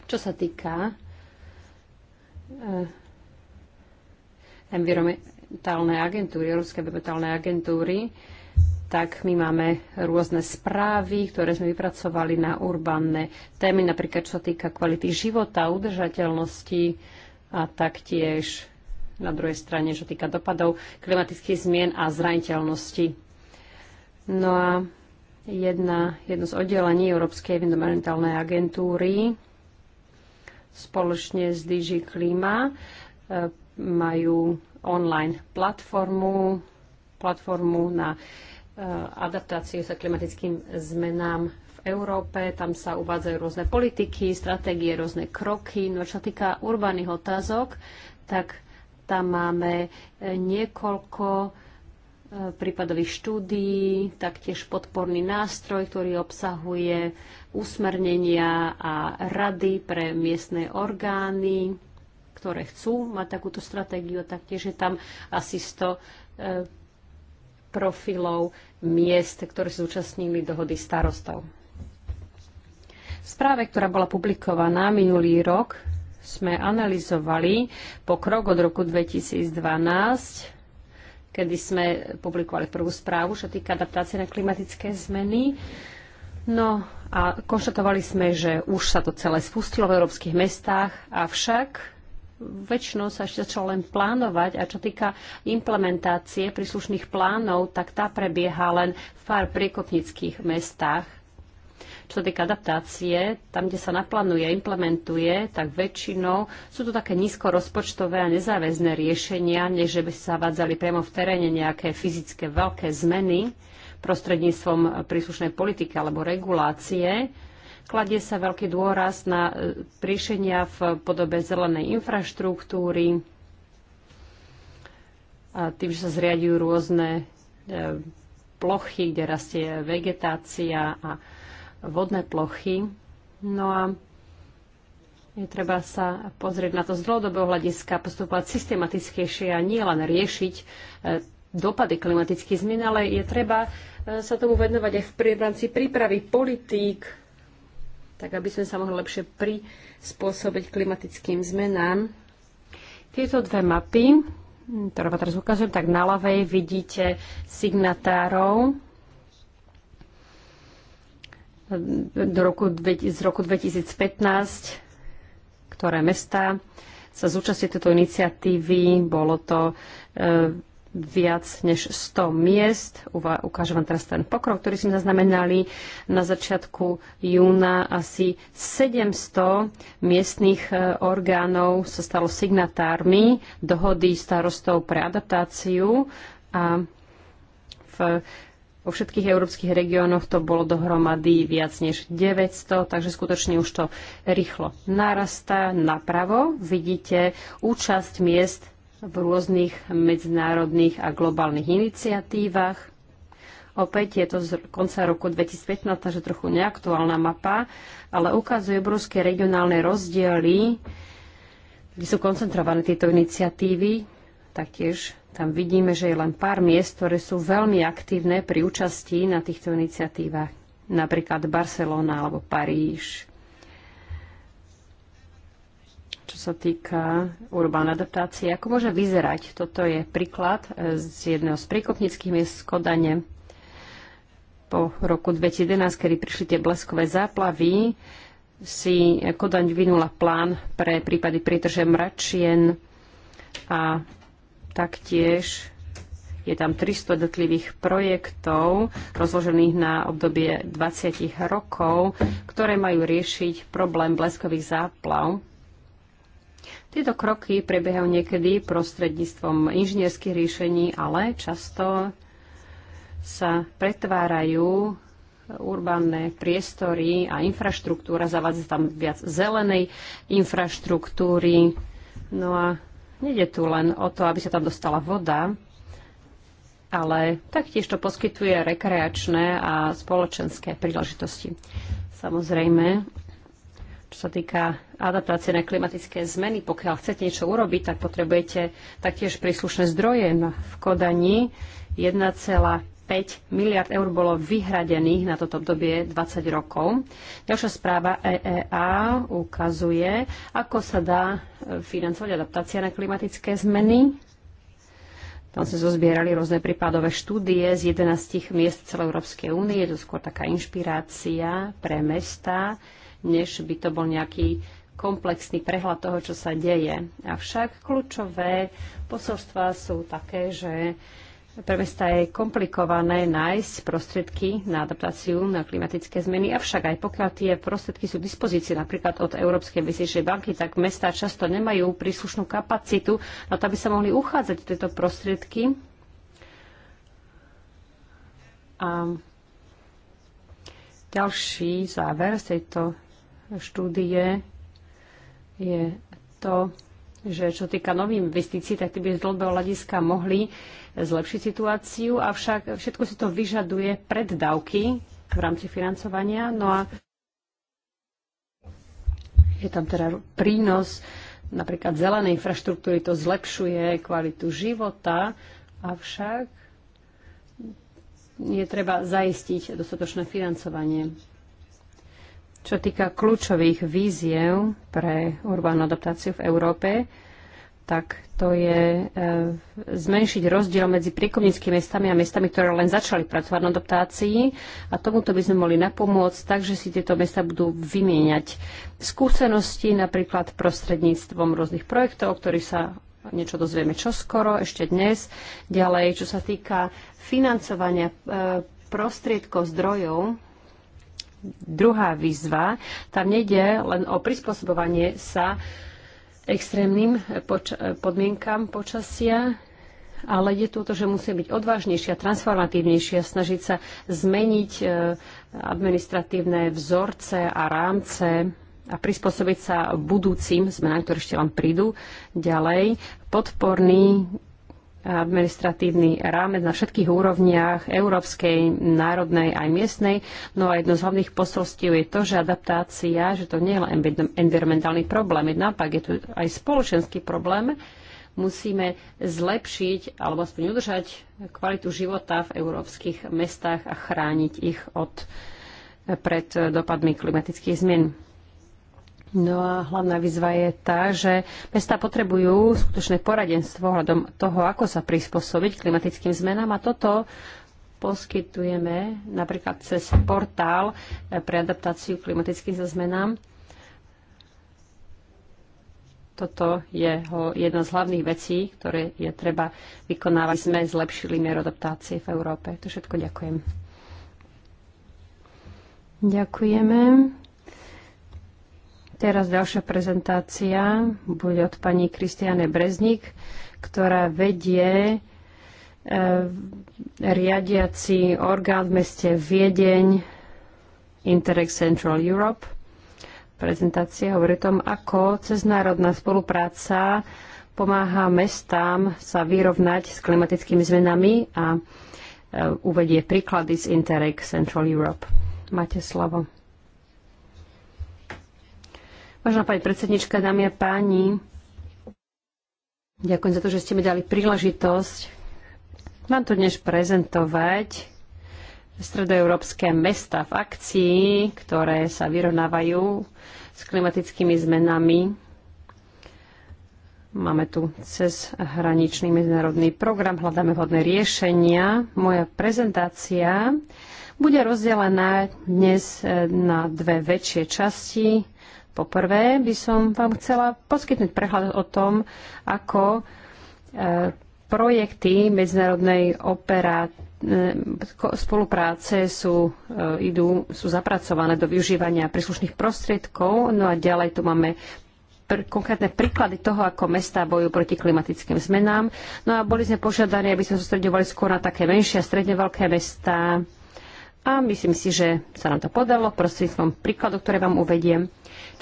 S3: Čo sa týka e, environmentálnej agentúry, Európskej environmentálnej agentúry, tak my máme rôzne správy, ktoré sme vypracovali na urbánne témy, napríklad čo týka kvality života, udržateľnosti a taktiež na druhej strane, čo týka dopadov klimatických zmien a zraniteľnosti. No a jedna, jedno z oddelení Európskej environmentálnej agentúry spoločne s Digi Klima eh, majú online platformu, platformu na Eh, adaptáciu sa klimatickým zmenám v Európe. Tam sa uvádzajú rôzne politiky, stratégie, rôzne kroky. No čo týka urbaných otázok, tak tam máme eh, niekoľko eh, prípadových štúdií, taktiež podporný nástroj, ktorý obsahuje usmernenia a rady pre miestne orgány, ktoré chcú mať takúto stratégiu. Taktiež je tam asi 100 profilov miest, ktoré sú zúčastnili dohody starostov. V správe, ktorá bola publikovaná minulý rok, sme analyzovali po krok od roku 2012, kedy sme publikovali prvú správu, čo týka adaptácie na klimatické zmeny. No a konštatovali sme, že už sa to celé spustilo v európskych mestách, avšak väčšinou sa ešte začalo len plánovať a čo týka implementácie príslušných plánov, tak tá prebieha len v pár priekopnických mestách. Čo sa týka adaptácie, tam, kde sa naplánuje, implementuje, tak väčšinou sú to také nízko rozpočtové a nezáväzné riešenia, než že by sa zavádzali priamo v teréne nejaké fyzické veľké zmeny prostredníctvom príslušnej politiky alebo regulácie Kladie sa veľký dôraz na e, riešenia v podobe zelenej infraštruktúry, a tým, že sa zriadujú rôzne e, plochy, kde rastie vegetácia a vodné plochy. No a je treba sa pozrieť na to z dlhodobého hľadiska, postupovať systematickejšie a nie len riešiť e, dopady klimatických zmien, ale je treba sa tomu venovať aj v rámci prípravy politík, tak aby sme sa mohli lepšie prispôsobiť klimatickým zmenám. Tieto dve mapy, ktoré vám teraz ukážem, tak na ľavej vidíte signatárov do roku, z roku 2015, ktoré mesta sa zúčastnili tejto iniciatívy. Bolo to eh, viac než 100 miest. Ukážem vám teraz ten pokrok, ktorý sme zaznamenali na začiatku júna. Asi 700 miestných e, orgánov sa stalo signatármi dohody starostov pre adaptáciu a v, vo všetkých európskych regiónoch to bolo dohromady viac než 900, takže skutočne už to rýchlo narastá napravo. Vidíte účasť miest v rôznych medzinárodných a globálnych iniciatívach. Opäť je to z konca roku 2015, takže trochu neaktuálna mapa, ale ukazuje obrovské regionálne rozdiely, kde sú koncentrované tieto iniciatívy. Taktiež tam vidíme, že je len pár miest, ktoré sú veľmi aktívne pri účasti na týchto iniciatívach. Napríklad Barcelona alebo Paríž. sa týka urbánnej adaptácie. Ako môže vyzerať? Toto je príklad e, z jedného z príkopnických miest Kodane po roku 2011, kedy prišli tie bleskové záplavy, si Kodaň vyvinula plán pre prípady prítrže mračien a taktiež je tam 300 jednotlivých projektov rozložených na obdobie 20 rokov, ktoré majú riešiť problém bleskových záplav. Tieto kroky prebiehajú niekedy prostredníctvom inžinierských riešení, ale často sa pretvárajú urbánne priestory a infraštruktúra, zavádza tam viac zelenej infraštruktúry. No a nejde tu len o to, aby sa tam dostala voda, ale taktiež to poskytuje rekreačné a spoločenské príležitosti. Samozrejme, čo sa týka adaptácie na klimatické zmeny, pokiaľ chcete niečo urobiť, tak potrebujete taktiež príslušné zdroje. No, v Kodani 1,5 miliard eur bolo vyhradených na toto obdobie 20 rokov. Ďalšia správa EEA ukazuje, ako sa dá e, financovať adaptácia na klimatické zmeny. Tam sa zozbierali rôzne prípadové štúdie z 11 miest celej Európskej únie. Je to skôr taká inšpirácia pre mesta než by to bol nejaký komplexný prehľad toho, čo sa deje. Avšak kľúčové posolstva sú také, že pre mesta je komplikované nájsť prostriedky na adaptáciu na klimatické zmeny, avšak aj pokiaľ tie prostriedky sú v dispozícii napríklad od Európskej investičnej banky, tak mesta často nemajú príslušnú kapacitu na to, aby sa mohli uchádzať tieto prostriedky. A ďalší záver z tejto štúdie je to, že čo týka nových investícií, tak by z dlhého hľadiska mohli zlepšiť situáciu, avšak všetko si to vyžaduje preddavky v rámci financovania. No a je tam teda prínos napríklad zelenej infraštruktúry, to zlepšuje kvalitu života, avšak je treba zaistiť dostatočné financovanie. Čo týka kľúčových víziev pre urbánu adaptáciu v Európe, tak to je e, zmenšiť rozdiel medzi priekomníckými mestami a mestami, ktoré len začali pracovať na adaptácii a tomuto by sme mohli napomôcť, takže si tieto mesta budú vymieňať skúsenosti napríklad prostredníctvom rôznych projektov, o ktorých sa niečo dozvieme čoskoro, ešte dnes. Ďalej, čo sa týka financovania e, prostriedkov, zdrojov druhá výzva. Tam nejde len o prispôsobovanie sa extrémnym poč- podmienkam počasia, ale je tu to, že musí byť odvážnejšia, transformatívnejšia, snažiť sa zmeniť e, administratívne vzorce a rámce a prispôsobiť sa budúcim zmenám, ktoré ešte vám prídu ďalej. Podporný administratívny rámec na všetkých úrovniach, európskej, národnej aj miestnej. No a jedno z hlavných posolstiev je to, že adaptácia, že to nie je len environmentálny problém, naopak je to aj spoločenský problém. Musíme zlepšiť alebo aspoň udržať kvalitu života v európskych mestách a chrániť ich od, pred dopadmi klimatických zmien. No a hlavná výzva je tá, že mesta potrebujú skutočné poradenstvo hľadom toho, ako sa prispôsobiť klimatickým zmenám a toto poskytujeme napríklad cez portál eh, pre adaptáciu klimatickým zmenám. Toto je jedna z hlavných vecí, ktoré je treba vykonávať. Sme zlepšili mieru adaptácie v Európe. To všetko ďakujem. Ďakujeme. Teraz ďalšia prezentácia bude od pani Kristiane Breznik, ktorá vedie e, riadiaci orgán v meste Viedeň Interreg Central Europe. Prezentácia hovorí o tom, ako ceznárodná spolupráca pomáha mestám sa vyrovnať s klimatickými zmenami a e, uvedie príklady z Interreg Central Europe. Máte slovo. Vážená pani predsednička, dámy a páni, ďakujem za to, že ste mi dali príležitosť vám tu dnes prezentovať stredoeurópske mesta v akcii, ktoré sa vyrovnávajú s klimatickými zmenami. Máme tu cez hraničný medzinárodný program, hľadáme vhodné riešenia. Moja prezentácia bude rozdelená dnes na dve väčšie časti. Poprvé by som vám chcela poskytnúť prehľad o tom, ako e, projekty medzinárodnej opera e, spolupráce sú, e, idú, sú zapracované do využívania príslušných prostriedkov. No a ďalej tu máme pr- konkrétne príklady toho, ako mesta bojujú proti klimatickým zmenám. No a boli sme požiadaní, aby sme sústredovali skôr na také menšie a stredne veľké mestá. A myslím si, že sa nám to podalo prostredníctvom príkladov, ktoré vám uvediem.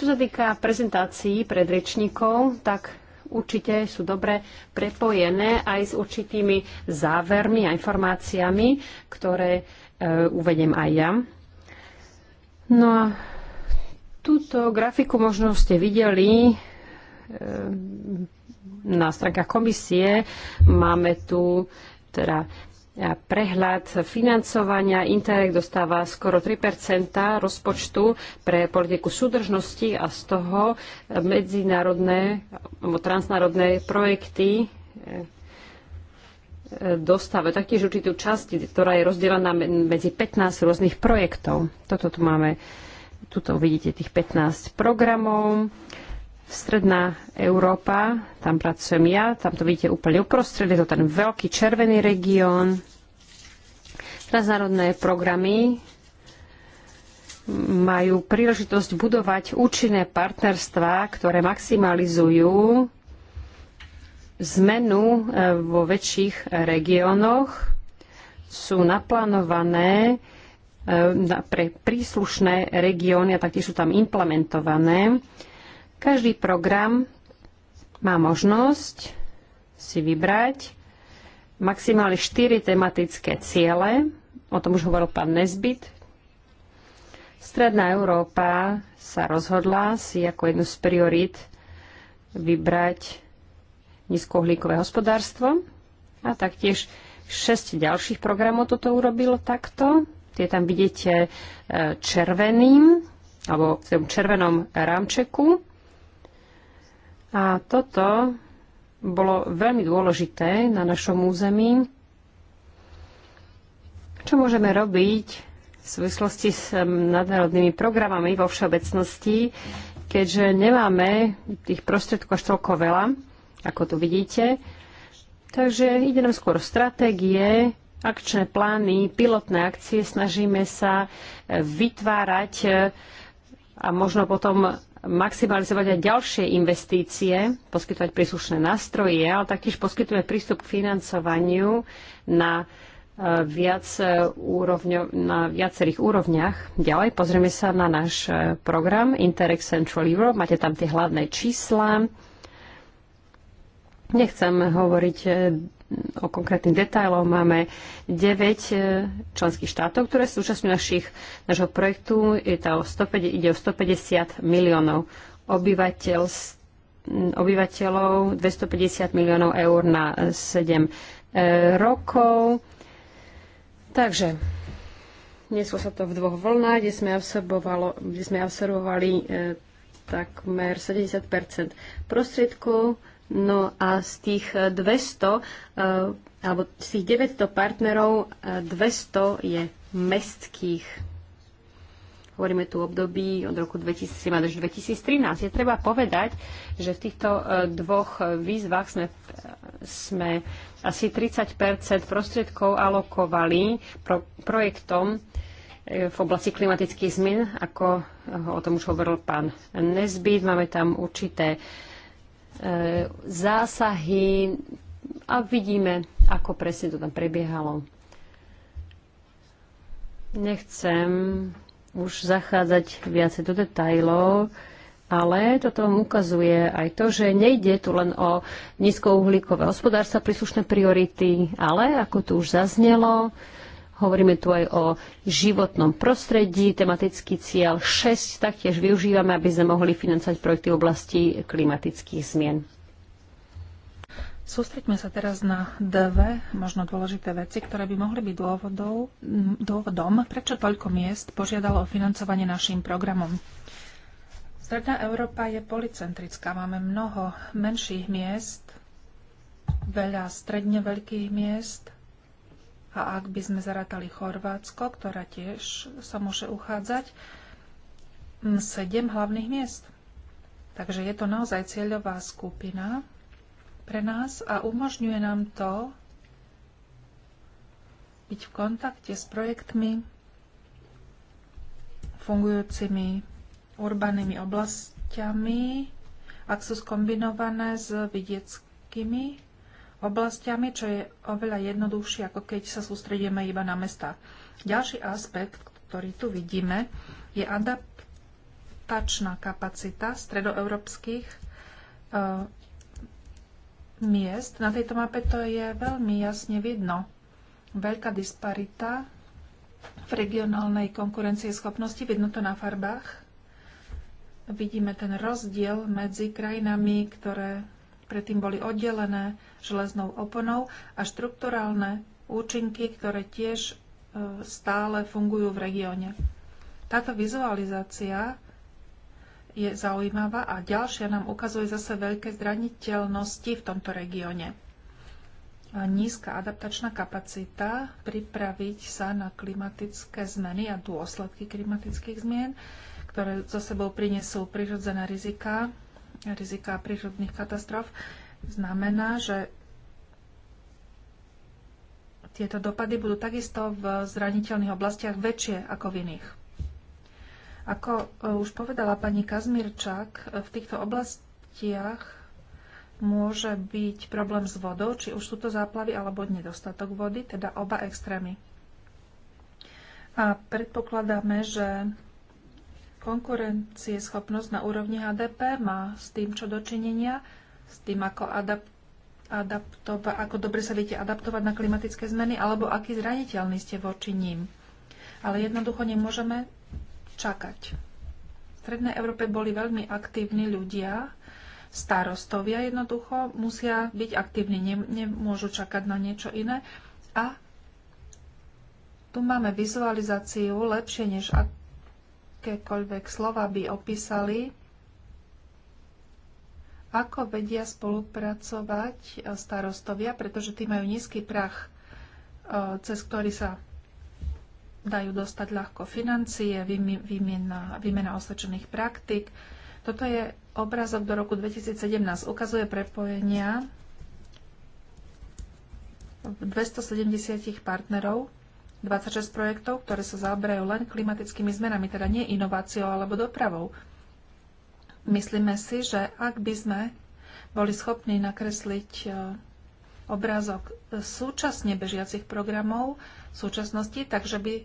S3: Čo sa týka prezentácií pred rečníkov, tak určite sú dobre prepojené aj s určitými závermi a informáciami, ktoré e, uvedem aj ja. No a túto grafiku možno ste videli e, na stránkach komisie. Máme tu teda prehľad financovania. Interreg dostáva skoro 3 rozpočtu pre politiku súdržnosti a z toho medzinárodné alebo transnárodné projekty eh, dostávajú taktiež určitú časť, ktorá je rozdelená medzi 15 rôznych projektov. Toto tu máme, tuto vidíte tých 15 programov. Stredná Európa, tam pracujem ja, tam to vidíte úplne uprostred, je to ten veľký červený región. Transnárodné programy majú príležitosť budovať účinné partnerstvá, ktoré maximalizujú zmenu e, vo väčších regiónoch. Sú naplánované e, pre príslušné regióny a taktiež sú tam implementované. Každý program má možnosť si vybrať maximálne 4 tematické ciele, o tom už hovoril pán nezbyt. Stredná Európa sa rozhodla si ako jednu z priorit vybrať nízkouhlíkové hospodárstvo a taktiež 6 ďalších programov toto urobilo takto. Tie tam vidíte e, červeným, alebo v tom červenom rámčeku. A toto bolo veľmi dôležité na našom území. Čo môžeme robiť v súvislosti s um, nadnárodnými programami vo všeobecnosti, keďže nemáme tých prostriedkov až toľko veľa, ako tu vidíte. Takže ide nám skôr stratégie, akčné plány, pilotné akcie. Snažíme sa eh, vytvárať eh, a možno potom maximalizovať aj ďalšie investície, poskytovať príslušné nástroje, ale taktiež poskytujeme prístup k financovaniu na e, viac e, úrovňo, na viacerých úrovniach. Ďalej pozrieme sa na náš e, program Interreg Central Europe. Máte tam tie hlavné čísla. Nechcem hovoriť o konkrétnych detailoch. Máme 9 e, členských štátov, ktoré sú účastňujú našich, našho projektu. Je to o 150, ide o 150 miliónov obyvateľ, obyvateľov, 250 miliónov eur na 7 e, rokov. Takže neslo sa to v dvoch vlnách, kde sme, kde sme absorbovali e, takmer 70 prostriedkov No a z tých 200, eh, eh, alebo z tých 900 partnerov, 200 eh, je mestských. Hovoríme tu o období od roku 2007 až 2013. Je treba povedať, že v týchto dvoch výzvach sme, sme asi 30 prostriedkov alokovali pro, projektom v oblasti klimatických zmien, ako o tom už hovoril pán Nesbyt. Máme tam určité uh, E, zásahy a vidíme, ako presne to tam prebiehalo. Nechcem už zachádzať viacej do detajlov, ale toto ukazuje aj to, že nejde tu len o nízkouhlíkové hospodárstva, príslušné priority, ale, ako tu už zaznelo, Hovoríme tu aj o životnom prostredí. Tematický cieľ 6 taktiež využívame, aby sme mohli financovať projekty v oblasti klimatických zmien.
S1: Sústreďme sa teraz na dve možno dôležité veci, ktoré by mohli byť dôvodou, dôvodom, prečo toľko miest požiadalo o financovanie našim programom. Stredná Európa je policentrická. Máme mnoho menších miest, veľa stredne veľkých miest, a ak by sme zarátali Chorvátsko, ktorá tiež sa môže uchádzať, 7 hlavných miest. Takže je to naozaj cieľová skupina pre nás a umožňuje nám to byť v kontakte s projektmi fungujúcimi urbanými oblastiami, ak sú skombinované s vidieckými oblastiami, čo je oveľa jednoduchšie, ako keď sa sústredíme iba na mesta. Ďalší aspekt, ktorý tu vidíme, je adaptačná kapacita stredoeurópskych e, miest. Na tejto mape to je veľmi jasne vidno. Veľká disparita v regionálnej konkurencie schopnosti, vidno to na farbách. Vidíme ten rozdiel medzi krajinami, ktoré predtým boli oddelené železnou oponou a štrukturálne účinky, ktoré tiež e, stále fungujú v regióne. Táto vizualizácia je zaujímavá a ďalšia nám ukazuje zase veľké zraniteľnosti v tomto regióne. Nízka adaptačná kapacita pripraviť sa na klimatické zmeny a dôsledky klimatických zmien, ktoré zo sebou prinesú prirodzené rizika rizika prírodných katastrof, znamená, že tieto dopady budú takisto v zraniteľných oblastiach väčšie ako v iných. Ako e, už povedala pani Kazmírčák, e, v týchto oblastiach môže byť problém s vodou, či už sú to záplavy alebo nedostatok vody, teda oba extrémy. A predpokladáme, že konkurencieschopnosť na úrovni HDP má s tým čo dočinenia, s tým, ako, adap, adaptova, ako dobre sa viete adaptovať na klimatické zmeny, alebo aký zraniteľní ste voči ním. Ale jednoducho nemôžeme čakať. V Strednej Európe boli veľmi aktívni ľudia, starostovia jednoducho musia byť aktívni, nemôžu čakať na niečo iné. A tu máme vizualizáciu lepšie, než ak akékoľvek slova by opísali, ako vedia spolupracovať e, starostovia, pretože tí majú nízky prach, e, cez ktorý sa dajú dostať ľahko financie, výmena, výmena osvedčených praktik. Toto je obrázok do roku 2017. Ukazuje prepojenia 270 partnerov 26 projektov, ktoré sa zaoberajú len klimatickými zmenami, teda nie inováciou alebo dopravou. Myslíme si, že ak by sme boli schopní nakresliť e, obrázok e, súčasne bežiacich programov v súčasnosti, takže by e,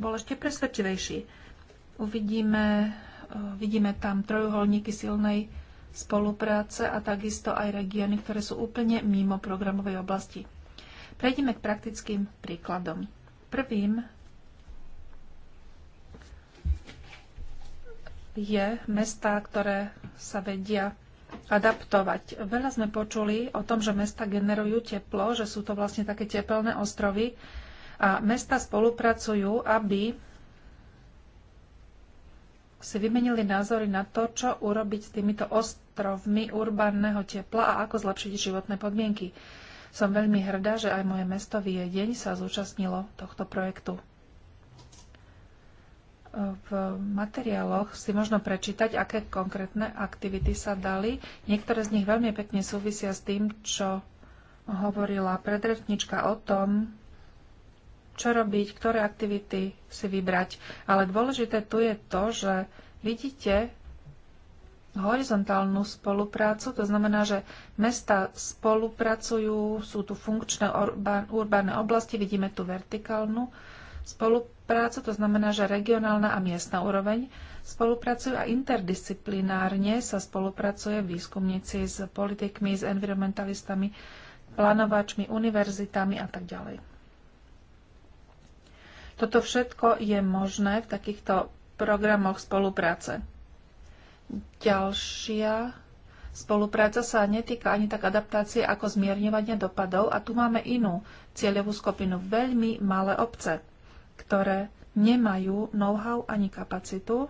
S1: bol ešte presvedčivejší. Uvidíme, vidíme tam trojuholníky silnej spolupráce a takisto aj regióny, ktoré sú úplne mimo programovej oblasti. Prejdeme k praktickým príkladom. Prvým je mesta, ktoré sa vedia adaptovať. Veľa sme počuli o tom, že mesta generujú teplo, že sú to vlastne také tepelné ostrovy a mesta spolupracujú, aby si vymenili názory na to, čo urobiť s týmito ostrovmi urbánneho tepla a ako zlepšiť životné podmienky. Som veľmi hrdá, že aj moje mesto Viedeň sa zúčastnilo tohto projektu. V materiáloch si možno prečítať, aké konkrétne aktivity sa dali. Niektoré z nich veľmi pekne súvisia s tým, čo hovorila predretnička o tom, čo robiť, ktoré aktivity si vybrať. Ale dôležité tu je to, že vidíte, horizontálnu spoluprácu, to znamená, že mesta spolupracujú, sú tu funkčné urbánne oblasti, vidíme tu vertikálnu spoluprácu, to znamená, že regionálna a miestna úroveň spolupracujú a interdisciplinárne sa spolupracuje výskumníci s politikmi, s environmentalistami, plánovačmi, univerzitami a tak ďalej. Toto všetko je možné v takýchto programoch spolupráce. Ďalšia spolupráca sa netýka ani tak adaptácie ako zmierňovania dopadov a tu máme inú cieľovú skupinu, veľmi malé obce, ktoré nemajú know-how ani kapacitu,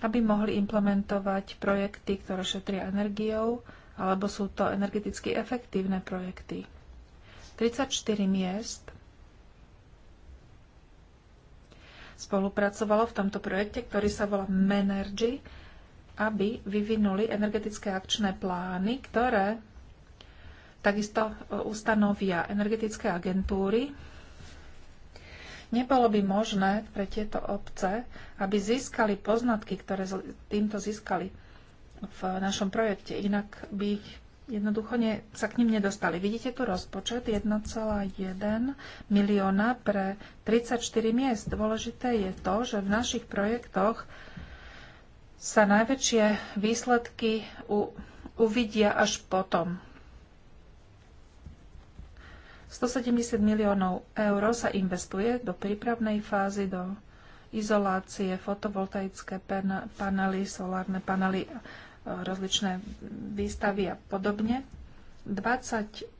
S1: aby mohli implementovať projekty, ktoré šetria energiou, alebo sú to energeticky efektívne projekty. 34 miest spolupracovalo v tomto projekte, ktorý sa volá Menergy aby vyvinuli energetické akčné plány, ktoré takisto e, ustanovia energetické agentúry. Nebolo by možné pre tieto obce, aby získali poznatky, ktoré týmto získali v našom projekte. Inak by jednoducho ne, sa k ním nedostali. Vidíte tu rozpočet 1,1 milióna pre 34 miest. Dôležité je to, že v našich projektoch sa najväčšie výsledky u, uvidia až potom. 170 miliónov eur sa investuje do prípravnej fázy, do izolácie, fotovoltaické panely, solárne panely, e, rozličné výstavy a podobne. 21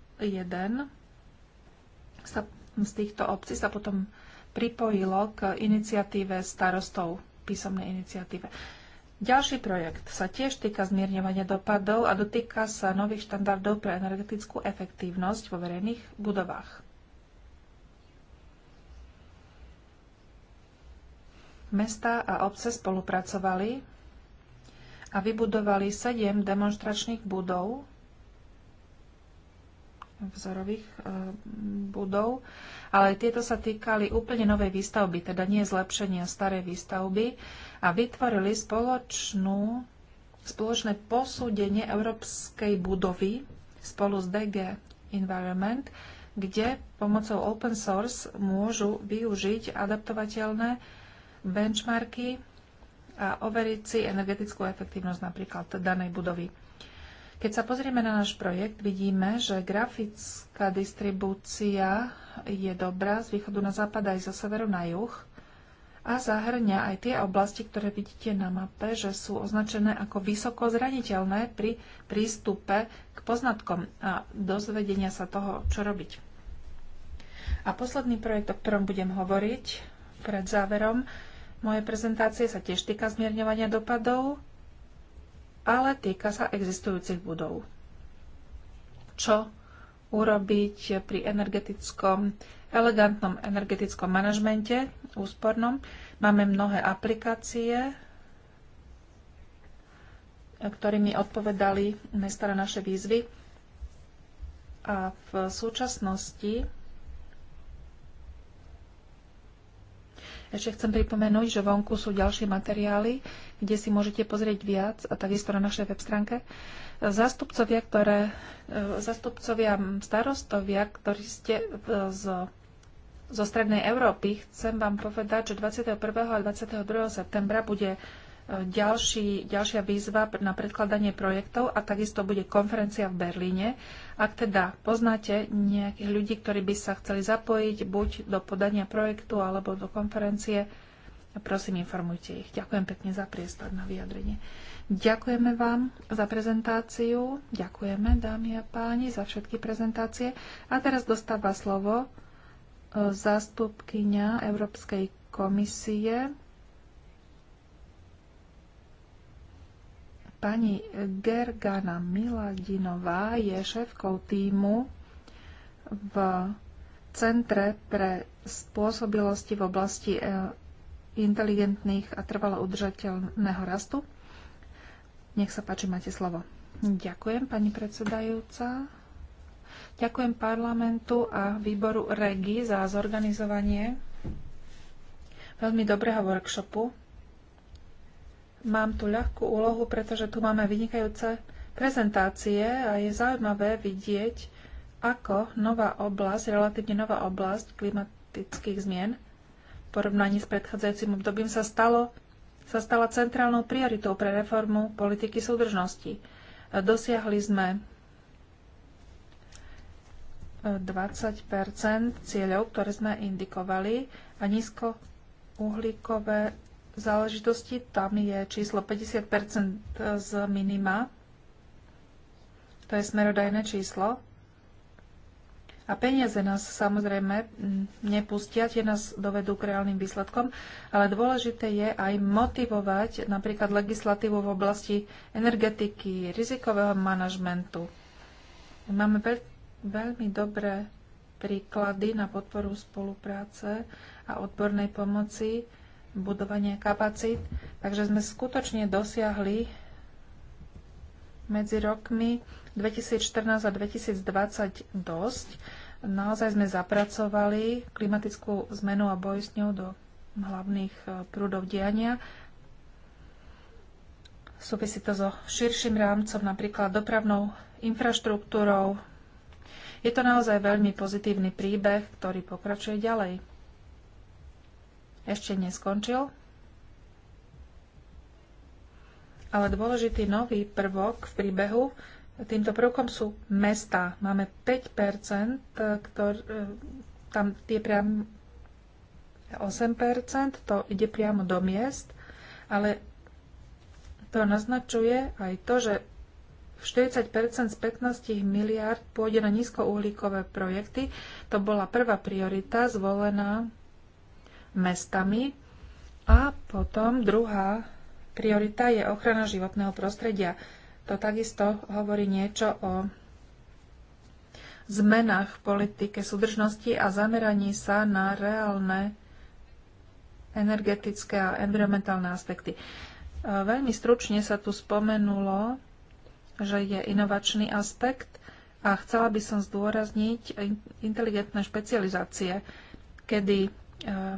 S1: sa z týchto obcí sa potom pripojilo k iniciatíve starostov, písomnej iniciatíve. Ďalší projekt sa tiež týka zmierňovania dopadov a dotýka sa nových štandardov pre energetickú efektívnosť vo verejných budovách. Mesta a obce spolupracovali a vybudovali 7 demonstračných budov vzorových eh, budov, ale tieto sa týkali úplne novej výstavby, teda nie zlepšenia starej výstavby a vytvorili spoločnú, spoločné posúdenie európskej budovy spolu s DG Environment, kde pomocou open source môžu využiť adaptovateľné benchmarky a overiť si energetickú efektívnosť napríklad danej budovy. Keď sa pozrieme na náš projekt, vidíme, že grafická distribúcia je dobrá z východu na západ aj zo severu na juh a zahrňa aj tie oblasti, ktoré vidíte na mape, že sú označené ako vysoko zraniteľné pri prístupe k poznatkom a dozvedenia sa toho, čo robiť. A posledný projekt, o ktorom budem hovoriť pred záverom mojej prezentácie, sa tiež týka zmierňovania dopadov ale týka sa existujúcich budov. Čo urobiť pri energetickom, elegantnom energetickom manažmente, úspornom. Máme mnohé aplikácie, ktorými odpovedali mesta na naše výzvy. A v súčasnosti Ešte chcem pripomenúť, že vonku sú ďalšie materiály, kde si môžete pozrieť viac a takisto na našej web stránke. Zastupcovia, ktoré, e, zastupcovia starostovia, ktorí ste e, z, zo strednej Európy, chcem vám povedať, že 21. a 22. septembra bude ďalší, ďalšia výzva na predkladanie projektov a takisto bude konferencia v Berlíne. Ak teda poznáte nejakých ľudí, ktorí by sa chceli zapojiť buď do podania projektu alebo do konferencie, prosím, informujte ich. Ďakujem pekne za priestor na vyjadrenie. Ďakujeme vám za prezentáciu. Ďakujeme, dámy a páni, za všetky prezentácie. A teraz dostáva slovo e, zástupkyňa Európskej komisie Pani Gergana Miladinová je šéfkou týmu v Centre pre spôsobilosti v oblasti e, inteligentných a trvalo udržateľného rastu. Nech sa páči, máte slovo. Ďakujem, pani predsedajúca. Ďakujem parlamentu a výboru REGI za zorganizovanie veľmi dobrého workshopu Mám tu ľahkú úlohu, pretože tu máme vynikajúce prezentácie a je zaujímavé vidieť, ako nová oblasť, relatívne nová oblasť klimatických zmien v porovnaní s predchádzajúcim obdobím sa, stalo, sa stala centrálnou prioritou pre reformu politiky súdržnosti. Dosiahli sme 20 e, cieľov, ktoré sme indikovali a nízko uhlíkové záležitosti. Tam je číslo 50 z minima. To je smerodajné číslo. A peniaze nás samozrejme mm, nepustia, tie nás dovedú k reálnym výsledkom, ale dôležité je aj motivovať napríklad legislatívu v oblasti energetiky, rizikového manažmentu. Máme veľ, veľmi dobré príklady na podporu spolupráce a odbornej pomoci budovanie kapacít. Takže sme skutočne dosiahli medzi rokmi 2014 a 2020 dosť. Naozaj sme zapracovali klimatickú zmenu a boj s ňou do hlavných e, prúdov diania. Súvisí to so širším rámcom, napríklad dopravnou infraštruktúrou. Je to naozaj veľmi pozitívny príbeh, ktorý pokračuje ďalej ešte neskončil. Ale dôležitý nový prvok v príbehu, týmto prvkom sú mesta. Máme 5%, eh, ktor, eh, tam je priam 8%, to ide priamo do miest, ale to naznačuje aj to, že 40 z 15 miliard pôjde na nízkouhlíkové projekty. To bola prvá priorita zvolená mestami. A potom druhá priorita je ochrana životného prostredia. To takisto hovorí niečo o zmenách v politike súdržnosti a zameraní sa na reálne energetické a environmentálne aspekty. E, veľmi stručne sa tu spomenulo, že je inovačný aspekt a chcela by som zdôrazniť inteligentné špecializácie, kedy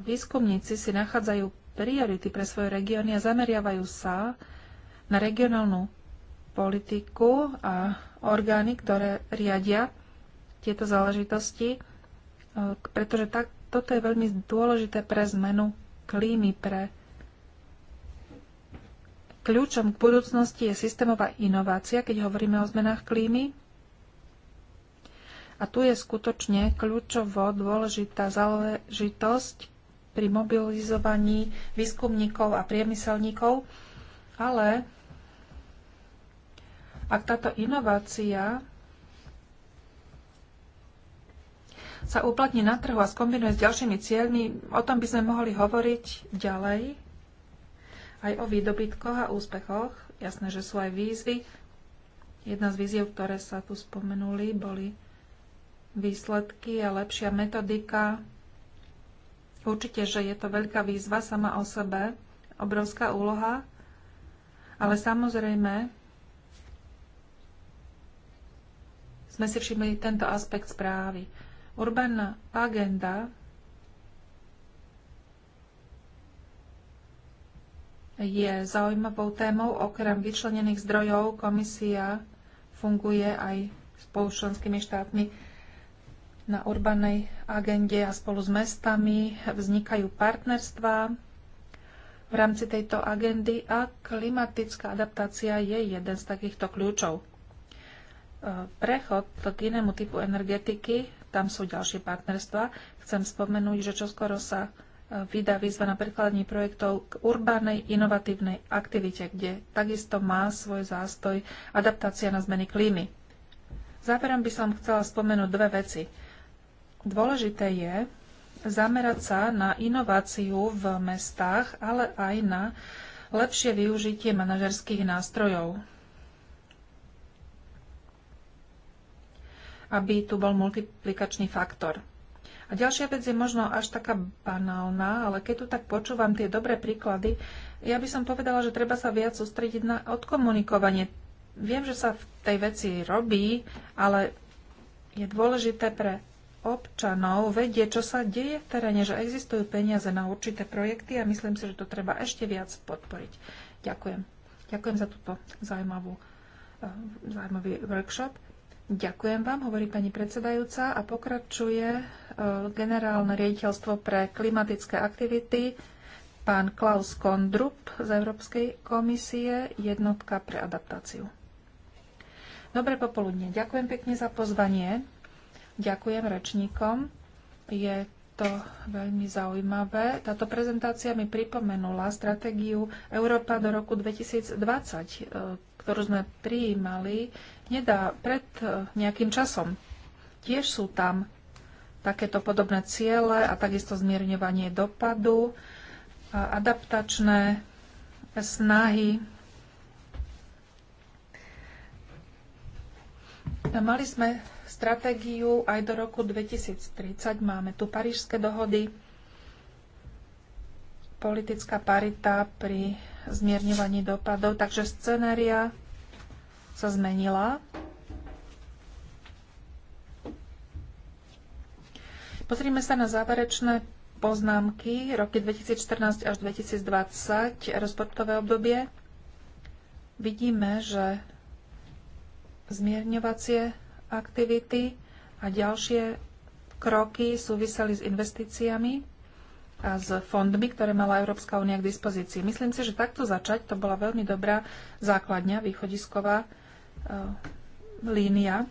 S1: výskumníci si nachádzajú priority pre svoje regióny a zameriavajú sa na regionálnu politiku a orgány, ktoré riadia tieto záležitosti, e, pretože tak, toto je veľmi dôležité pre zmenu klímy, pre kľúčom k budúcnosti je systémová inovácia, keď hovoríme o zmenách klímy, a tu je skutočne kľúčovo dôležitá záležitosť pri mobilizovaní výskumníkov a priemyselníkov, ale ak táto inovácia sa uplatní na trhu a skombinuje s ďalšími cieľmi, o tom by sme mohli hovoriť ďalej, aj o výdobytkoch a úspechoch. Jasné, že sú aj výzvy. Jedna z výziev, ktoré sa tu spomenuli, boli výsledky a lepšia metodika. Určite, že je to veľká výzva sama o sebe, obrovská úloha, ale samozrejme sme si všimli tento aspekt správy. Urbana agenda je zaujímavou témou. Okrem vyčlenených zdrojov komisia funguje aj spolu členskými štátmi na urbanej agende a spolu s mestami vznikajú partnerstvá v rámci tejto agendy a klimatická adaptácia je jeden z takýchto kľúčov. E, prechod k inému typu energetiky, tam sú ďalšie partnerstva. Chcem spomenúť, že čoskoro sa e, vydá výzva na prekladanie projektov k urbánej inovatívnej aktivite, kde takisto má svoj zástoj adaptácia na zmeny klímy. Záverom by som chcela spomenúť dve veci. Dôležité je zamerať sa na inováciu v mestách, ale aj na lepšie využitie manažerských nástrojov. aby tu bol multiplikačný faktor. A ďalšia vec je možno až taká banálna, ale keď tu tak počúvam tie dobré príklady, ja by som povedala, že treba sa viac sústrediť na odkomunikovanie. Viem, že sa v tej veci robí, ale je dôležité pre občanov vedie, čo sa deje v teréne, že existujú peniaze na určité projekty a myslím si, že to treba ešte viac podporiť. Ďakujem. Ďakujem za túto zaujímavú, eh, zaujímavý workshop. Ďakujem vám, hovorí pani predsedajúca a pokračuje eh, generálne riaditeľstvo pre klimatické aktivity pán Klaus Kondrup z Európskej komisie, jednotka pre adaptáciu. Dobré popoludne. Ďakujem pekne za pozvanie. Ďakujem rečníkom. Je to veľmi zaujímavé. Táto prezentácia mi pripomenula stratégiu Európa do roku 2020, e, ktorú sme prijímali nedá pred e, nejakým časom. Tiež sú tam takéto podobné ciele a takisto zmierňovanie dopadu, a adaptačné snahy. Mali sme stratégiu aj do roku 2030. Máme tu parížské dohody, politická parita pri zmierňovaní dopadov, takže scenéria sa zmenila. Pozrime sa na záverečné poznámky roky 2014 až 2020, rozpočtové obdobie. Vidíme, že zmierňovacie aktivity a ďalšie kroky súviseli s investíciami a s fondmi, ktoré mala Európska únia k dispozícii. Myslím si, že takto začať to bola veľmi dobrá základňa, východisková e, línia.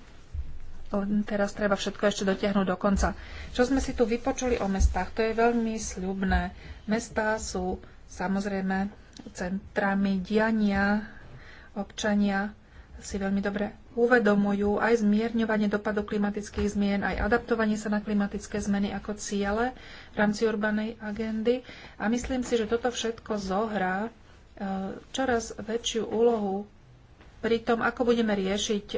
S1: Teraz treba všetko ešte dotiahnuť do konca. Čo sme si tu vypočuli o mestách, to je veľmi sľubné. Mestá sú samozrejme centrami diania, občania si veľmi dobre uvedomujú aj zmierňovanie dopadu klimatických zmien, aj adaptovanie sa na klimatické zmeny ako ciele v rámci urbanej agendy. A myslím si, že toto všetko zohrá e, čoraz väčšiu úlohu pri tom, ako budeme riešiť e,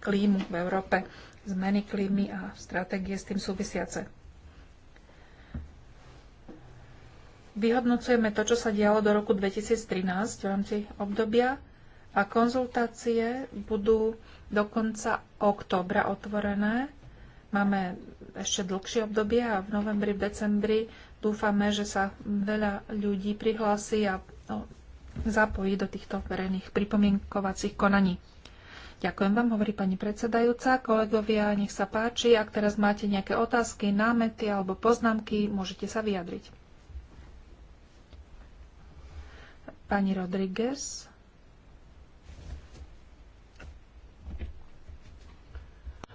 S1: klímu v Európe, zmeny klímy a stratégie s tým súvisiace. Vyhodnocujeme to, čo sa dialo do roku 2013 v rámci obdobia a konzultácie budú do konca októbra otvorené. Máme ešte dlhšie obdobie a v novembri, v decembri dúfame, že sa veľa ľudí prihlási a no, zapojí do týchto verejných pripomienkovacích konaní. Ďakujem vám, hovorí pani predsedajúca. Kolegovia, nech sa páči, ak teraz máte nejaké otázky, námety alebo poznámky, môžete sa vyjadriť. Pani Rodriguez.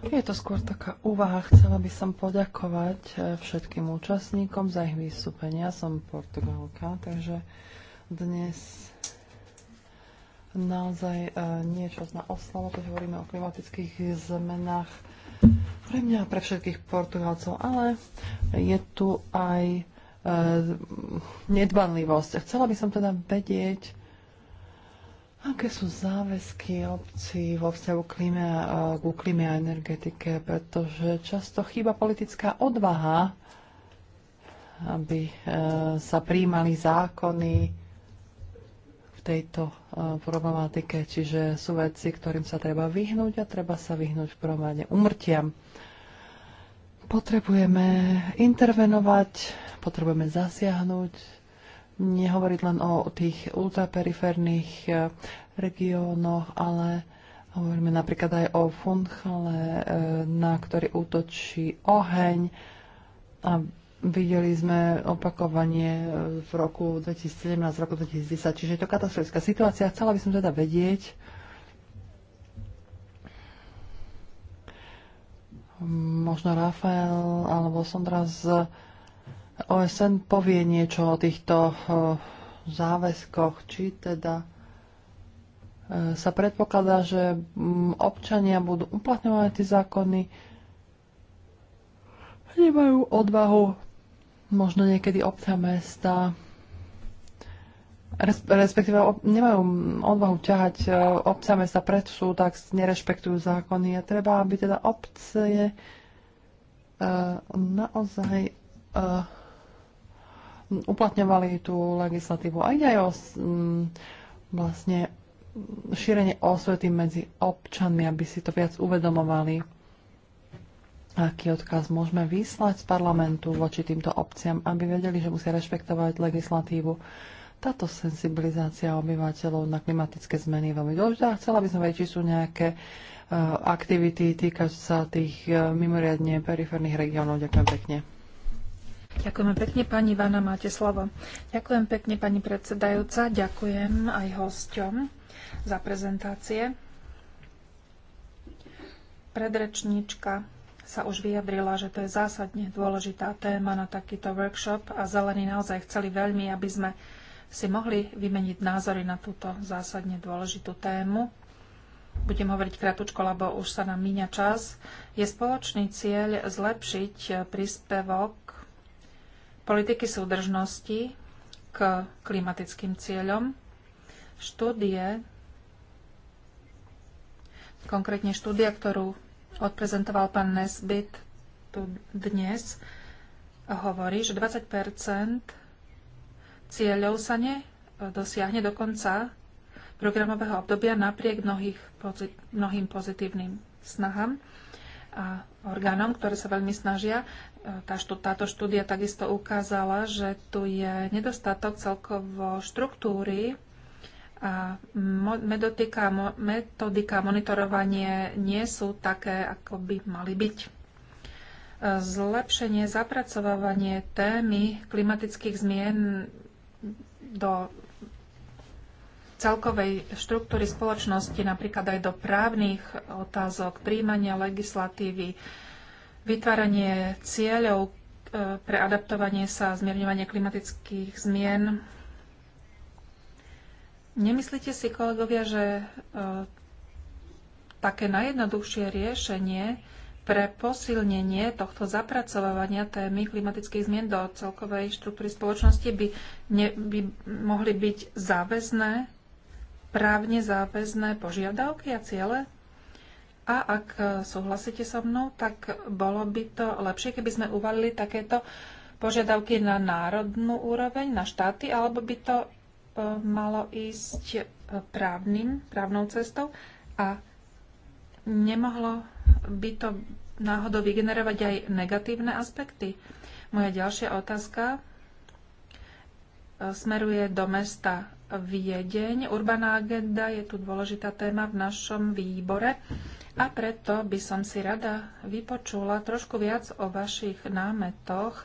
S2: Je to skôr taká úvaha. Chcela by som poďakovať e, všetkým účastníkom za ich Ja Som Portugalka, takže dnes naozaj e, niečo na oslavu, keď hovoríme o klimatických zmenách pre mňa a pre všetkých Portugalcov, ale je tu aj e, nedbanlivosť. Chcela by som teda vedieť, Aké sú záväzky obcí vo vzťahu klíme, ku klíme a energetike? Pretože často chýba politická odvaha, aby e, sa príjmali zákony v tejto e, problematike. Čiže sú veci, ktorým sa treba vyhnúť a treba sa vyhnúť v prvom rade umrtiam. Potrebujeme intervenovať, potrebujeme zasiahnuť, nehovoriť len o tých ultraperiférnych eh, regiónoch, ale hovoríme napríklad aj o Funchale, eh, na ktorý útočí oheň. A videli sme opakovanie eh, v roku 2017, v roku 2010, čiže je to katastrofická situácia. Chcela by som teda vedieť, možno Rafael alebo Sondra z OSN povie niečo o týchto záväzkoch, či teda e, sa predpokladá, že občania budú uplatňovať tie zákony, nemajú odvahu, možno niekedy obca mesta, respektíve nemajú odvahu ťahať e, obca mesta pred súd, tak nerešpektujú zákony a treba, aby teda obce e, naozaj uplatňovali tú legislatívu. A ide aj o mm, vlastne šírenie osvety medzi občanmi, aby si to viac uvedomovali, aký odkaz môžeme vyslať z parlamentu voči týmto obciam, aby vedeli, že musia rešpektovať legislatívu. Táto sensibilizácia obyvateľov na klimatické zmeny je veľmi dôležitá. Chcela by som vedieť, či sú nejaké e, aktivity týkať sa tých e, mimoriadne periférnych regiónov. Ďakujem pekne.
S1: Ďakujeme pekne, pani Ivana, máte slovo. Ďakujem pekne, pani predsedajúca, ďakujem aj hosťom za prezentácie. Predrečníčka sa už vyjadrila, že to je zásadne dôležitá téma na takýto workshop a zelení naozaj chceli veľmi, aby sme si mohli vymeniť názory na túto zásadne dôležitú tému. Budem hovoriť kratučko, lebo už sa nám míňa čas. Je spoločný cieľ zlepšiť príspevok politiky súdržnosti k klimatickým cieľom. Štúdie, konkrétne štúdia, ktorú odprezentoval pán Nesbit tu dnes, hovorí, že 20 cieľov sa nedosiahne do konca programového obdobia napriek mnohých, mnohým pozitívnym snahám orgánom, ktoré sa veľmi snažia. E, tá, táto štúdia takisto ukázala, že tu je nedostatok celkovo štruktúry a metodika, metodika monitorovanie nie sú také, ako by mali byť. E, zlepšenie, zapracovávanie témy klimatických zmien do celkovej štruktúry spoločnosti, napríklad aj do právnych otázok, príjmania legislatívy, vytváranie cieľov e, pre adaptovanie sa a zmierňovanie klimatických zmien. Nemyslíte si, kolegovia, že e, také najjednoduchšie riešenie pre posilnenie tohto zapracovávania témy klimatických zmien do celkovej štruktúry spoločnosti by, ne, by mohli byť záväzné právne záväzné požiadavky a ciele? A ak e, súhlasíte so mnou, tak bolo by to lepšie, keby sme uvalili takéto požiadavky na národnú úroveň, na štáty, alebo by to e, malo ísť e, právnym, právnou cestou a nemohlo by to náhodou vygenerovať aj negatívne aspekty. Moja ďalšia otázka smeruje do mesta Viedeň. Urbaná agenda je tu dôležitá téma v našom výbore a preto by som si rada vypočula trošku viac o vašich námetoch,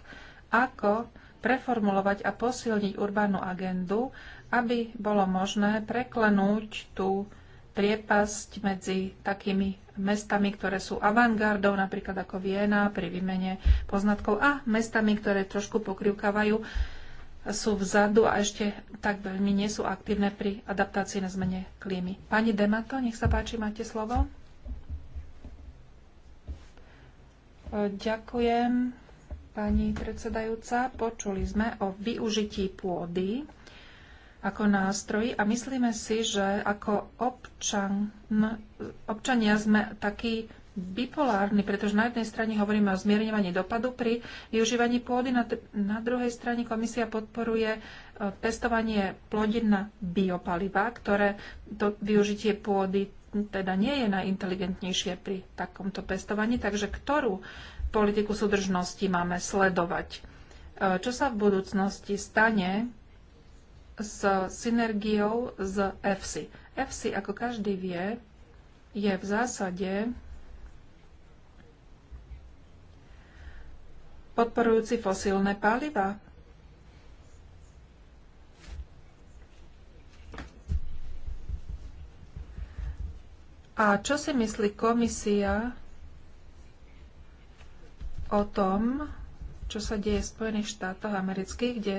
S1: ako preformulovať a posilniť urbanú agendu, aby bolo možné preklenúť tú priepasť medzi takými mestami, ktoré sú avantgardou, napríklad ako Viena pri výmene poznatkov a mestami, ktoré trošku pokrivkávajú sú vzadu a ešte tak veľmi nie sú aktívne pri adaptácii na zmene klímy. Pani Demato, nech sa páči, máte slovo. E, ďakujem, pani predsedajúca. Počuli sme o využití pôdy ako nástroji a myslíme si, že ako občan, občania sme takí bipolárny, pretože na jednej strane hovoríme o zmierňovaní dopadu pri využívaní pôdy, na, na druhej strane komisia podporuje e, pestovanie plodin na biopaliva, ktoré to využitie pôdy teda nie je najinteligentnejšie pri takomto pestovaní. Takže ktorú politiku súdržnosti máme sledovať? E, čo sa v budúcnosti stane s synergiou z EFSI? EFSI, ako každý vie, je v zásade podporujúci fosílne paliva. A čo si myslí komisia o tom, čo sa deje v Spojených štátoch amerických, kde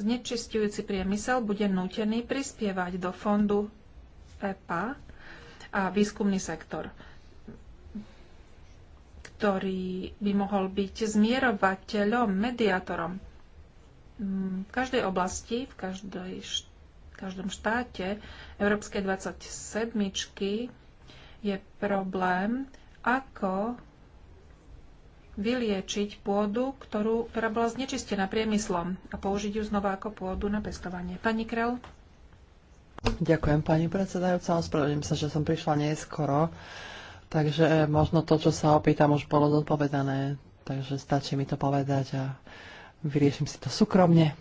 S1: znečistujúci priemysel bude nútený prispievať do fondu EPA a výskumný sektor ktorý by mohol byť zmierovateľom, mediátorom. Mm, v každej oblasti, v každej, v každom štáte Európskej 27 je problém, ako vyliečiť pôdu, ktorú, ktorá bola znečistená priemyslom a použiť ju znova ako pôdu na pestovanie. Pani Krel?
S2: Ďakujem, pani predsedajúca. Ospravedlňujem sa, že som prišla neskoro. Uh, Takže e, možno to, čo sa opýtam, už bolo zodpovedané. Takže stačí mi to povedať a vyriešim si to súkromne.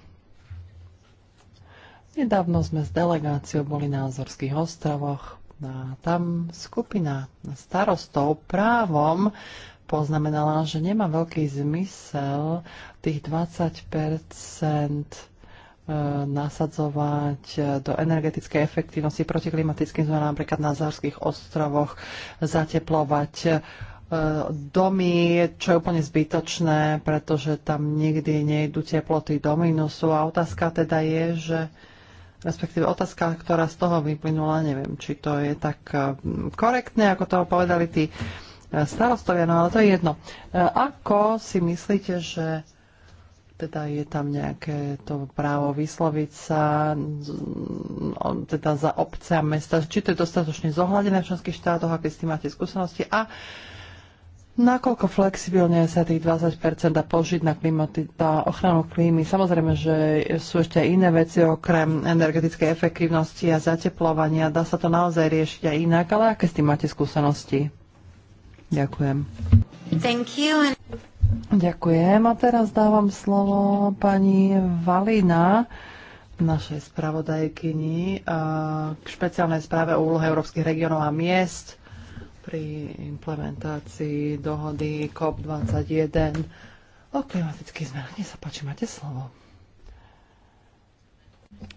S2: Nedávno sme s delegáciou boli na Azorských ostrovoch a tam skupina starostov právom poznamenala, že nemá veľký zmysel tých 20 Eh, nasadzovať eh, do energetickej efektívnosti proti klimatickým zmenám, napríklad na Zárských ostrovoch, zateplovať eh, domy, čo je úplne zbytočné, pretože tam nikdy nejdu teploty do minusu. A otázka teda je, že respektíve otázka, ktorá z toho vyplynula, neviem, či to je tak korektné, ako to povedali tí starostovia, no ale to je jedno. Ako si myslíte, že teda je tam nejaké to právo vysloviť sa mm, teda za obce a mesta, či to je dostatočne zohľadené v členských štátoch, aké s tým máte skúsenosti a nakoľko flexibilne sa tých 20% dá požiť na, klimaty, na ochranu klímy. Samozrejme, že sú ešte aj iné veci okrem energetickej efektívnosti a zateplovania. Dá sa to naozaj riešiť aj inak, ale aké s tým máte skúsenosti? Ďakujem.
S1: Thank you.
S2: Ďakujem a teraz dávam slovo pani Valina, našej spravodajkyni k špeciálnej správe o úlohe európskych regionov a miest pri implementácii dohody COP21 o klimatických zmenách. Nech sa páči, máte slovo.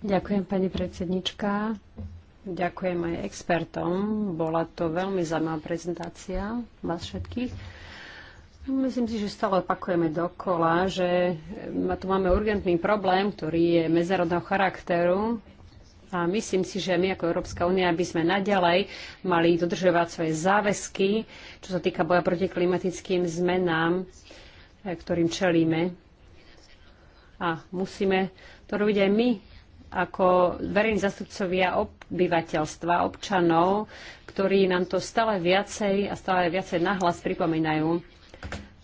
S3: Ďakujem, pani predsednička. Ďakujem aj expertom. Bola to veľmi zaujímavá prezentácia vás všetkých. Myslím si, že stále opakujeme dokola, že mm, tu máme urgentný problém, ktorý je medzinárodného charakteru. A myslím si, že my ako Európska únia by sme naďalej mali dodržovať svoje záväzky, čo sa týka boja proti klimatickým zmenám, e, ktorým čelíme. A musíme to robiť aj my, ako verejní zastupcovia obyvateľstva, občanov, ktorí nám to stále viacej a stále viacej nahlas pripomínajú.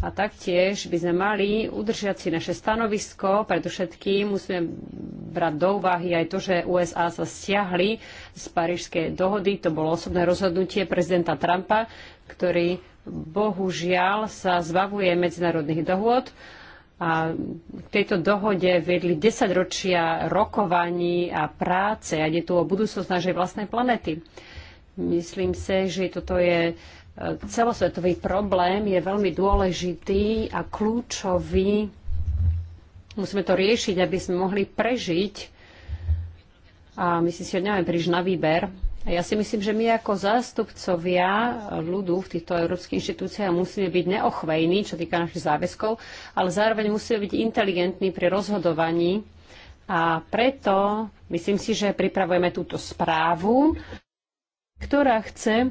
S3: A taktiež by sme mali udržiať si naše stanovisko, predovšetkým musíme brať do úvahy aj to, že USA sa stiahli z Parížskej dohody. To bolo osobné rozhodnutie prezidenta Trumpa, ktorý bohužiaľ sa zbavuje medzinárodných dohôd. A k tejto dohode viedli 10 ročia rokovaní a práce a je tu o budúcnosť našej vlastnej planety. Myslím si, že toto je celosvetový problém je veľmi dôležitý a kľúčový. Musíme to riešiť, aby sme mohli prežiť. A my si si ho príliš na výber. A ja si myslím, že my ako zástupcovia ľudu v týchto európskych inštitúciách musíme byť neochvejní, čo týka našich záväzkov, ale zároveň musíme byť inteligentní pri rozhodovaní. A preto myslím si, že pripravujeme túto správu, ktorá chce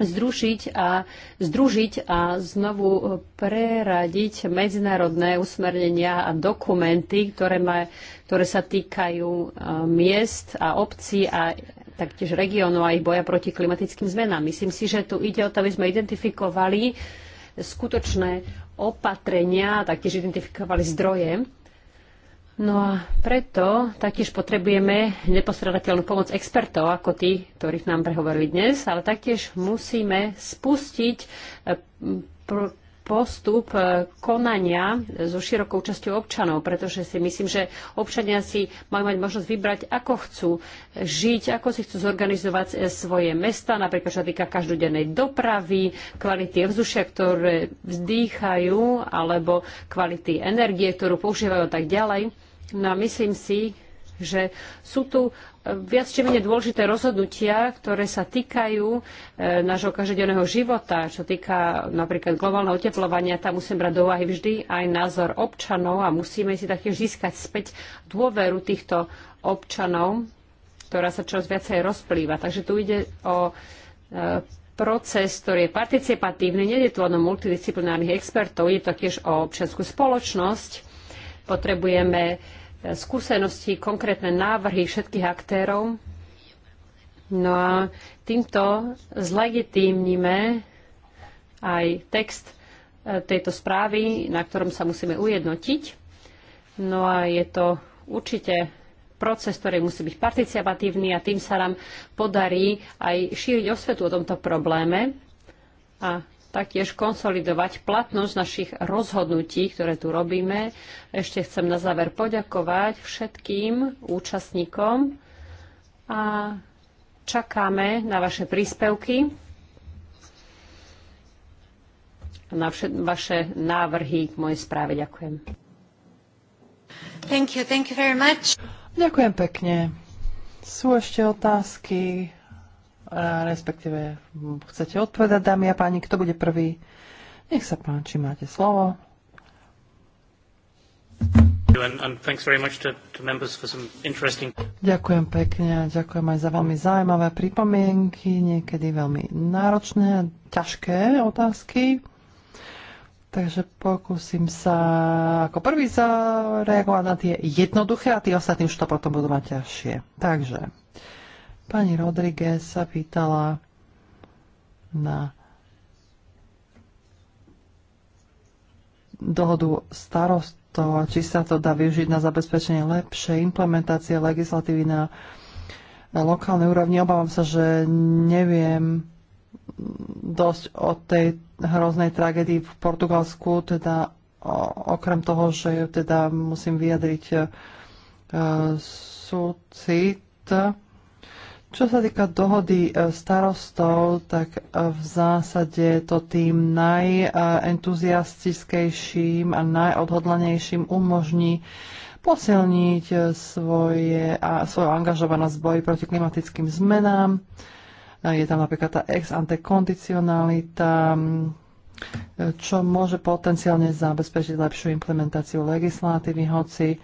S3: zrušiť a, združiť a znovu preradiť medzinárodné usmernenia a dokumenty, ktoré, ma, ktoré sa týkajú e, miest a obcí a taktiež regiónu a ich boja proti klimatickým zmenám. Myslím si, že tu ide o to, aby sme identifikovali skutočné opatrenia taktiež identifikovali zdroje No a preto taktiež potrebujeme neposredateľnú pomoc expertov, ako tí, ktorých nám prehovorili dnes, ale taktiež musíme spustiť eh, postup eh, konania so širokou časťou občanov, pretože si myslím, že občania si majú mať možnosť vybrať, ako chcú eh, žiť, ako si chcú zorganizovať svoje mesta, napríklad čo sa týka každodennej dopravy, kvality vzdušia, ktoré vzdýchajú, alebo kvality energie, ktorú používajú a tak ďalej. No a myslím si, že sú tu e, viac či menej dôležité rozhodnutia, ktoré sa týkajú e, nášho každodenného života, čo týka napríklad globálneho oteplovania, tam musíme brať do úvahy vždy aj názor občanov a musíme si taktiež získať späť dôveru týchto občanov, ktorá sa čoraz viacej rozplýva. Takže tu ide o e, proces, ktorý je participatívny, nie je tu len o multidisciplinárnych expertov, je to tiež o občianskú spoločnosť, Potrebujeme e, skúsenosti, konkrétne návrhy všetkých aktérov. No a týmto zlegitímnime aj text e, tejto správy, na ktorom sa musíme ujednotiť. No a je to určite proces, ktorý musí byť participatívny a tým sa nám podarí aj šíriť osvetu o tomto probléme. A taktiež konsolidovať platnosť našich rozhodnutí, ktoré tu robíme. Ešte chcem na záver poďakovať všetkým účastníkom a čakáme na vaše príspevky, a na vaše návrhy k mojej správe. Ďakujem. Thank you, thank you very much.
S2: Ďakujem pekne. Sú ešte otázky, respektíve chcete odpovedať, dámy a páni, kto bude prvý? Nech sa páči, máte slovo. Ďakujem pekne a ďakujem aj za veľmi zaujímavé pripomienky, niekedy veľmi náročné a ťažké otázky. Takže pokúsim sa ako prvý zareagovať na tie jednoduché a tie ostatní už to potom budú mať ťažšie. Takže Pani Rodriguez sa pýtala na dohodu starostov a či sa to dá využiť na zabezpečenie lepšej implementácie legislatívy na, na lokálnej úrovni. Obávam sa, že neviem dosť o tej hroznej tragédii v Portugalsku, teda okrem toho, že teda musím vyjadriť uh, súcit čo sa týka dohody e, starostov, tak e, v zásade to tým najentuziastickejším a najodhodlanejším umožní posilniť e, svoje, a svoju angažovanosť v boji proti klimatickým zmenám. Je tam napríklad tá ex ante kondicionalita, čo môže potenciálne zabezpečiť lepšiu implementáciu legislatívy, hoci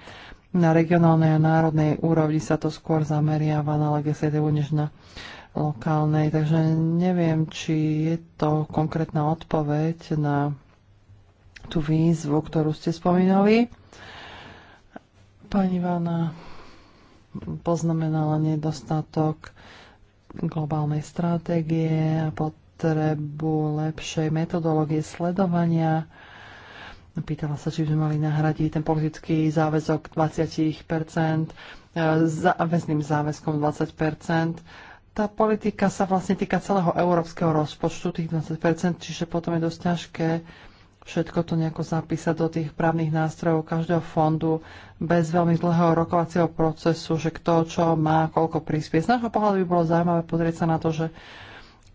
S2: na regionálnej a národnej úrovni sa to skôr zameriava na legislatívu než na lokálnej, takže neviem, či je to konkrétna odpoveď na tú výzvu, ktorú ste spomínali. Pani Vána poznamenala nedostatok globálnej stratégie a potrebu lepšej metodológie sledovania Pýtala sa, či by sme mali nahradiť ten politický záväzok 20% eh, záväzným záväzkom 20%. Tá politika sa vlastne týka celého európskeho rozpočtu, tých 20%, čiže potom je dosť ťažké všetko to nejako zapísať do tých právnych nástrojov každého fondu bez veľmi dlhého rokovacieho procesu, že kto čo má, koľko prispie. Z nášho pohľadu by bolo zaujímavé pozrieť sa na to, že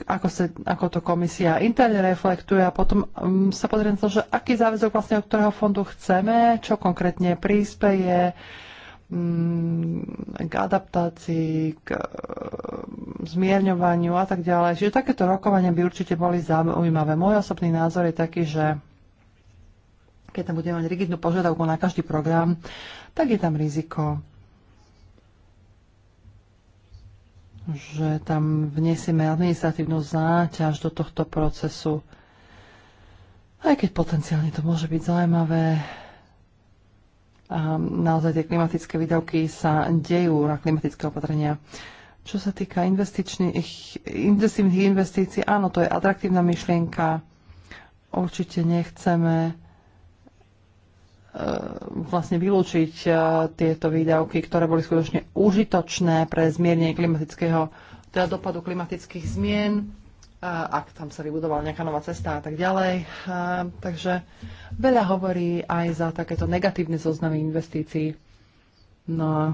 S2: ako, sa, ako to komisia interne reflektuje a potom um, sa pozrieť na to, že aký záväzok vlastne od ktorého fondu chceme, čo konkrétne príspeje um, k adaptácii, k um, zmierňovaniu a tak ďalej. Čiže takéto rokovania by určite boli zaujímavé. Môj osobný názor je taký, že keď tam budeme mať rigidnú požiadavku na každý program, tak je tam riziko, že tam vniesieme administratívnu záťaž do tohto procesu. Aj keď potenciálne to môže byť zaujímavé, a naozaj tie klimatické výdavky sa dejú na klimatické opatrenia. Čo sa týka investičných, investívnych investícií, áno, to je atraktívna myšlienka. Určite nechceme E, vlastne vylúčiť e, tieto výdavky, ktoré boli skutočne užitočné pre zmiernenie klimatického, teda dopadu klimatických zmien, e, ak tam sa vybudovala nejaká nová cesta a tak ďalej. Takže veľa hovorí aj za takéto negatívne zoznamy investícií. No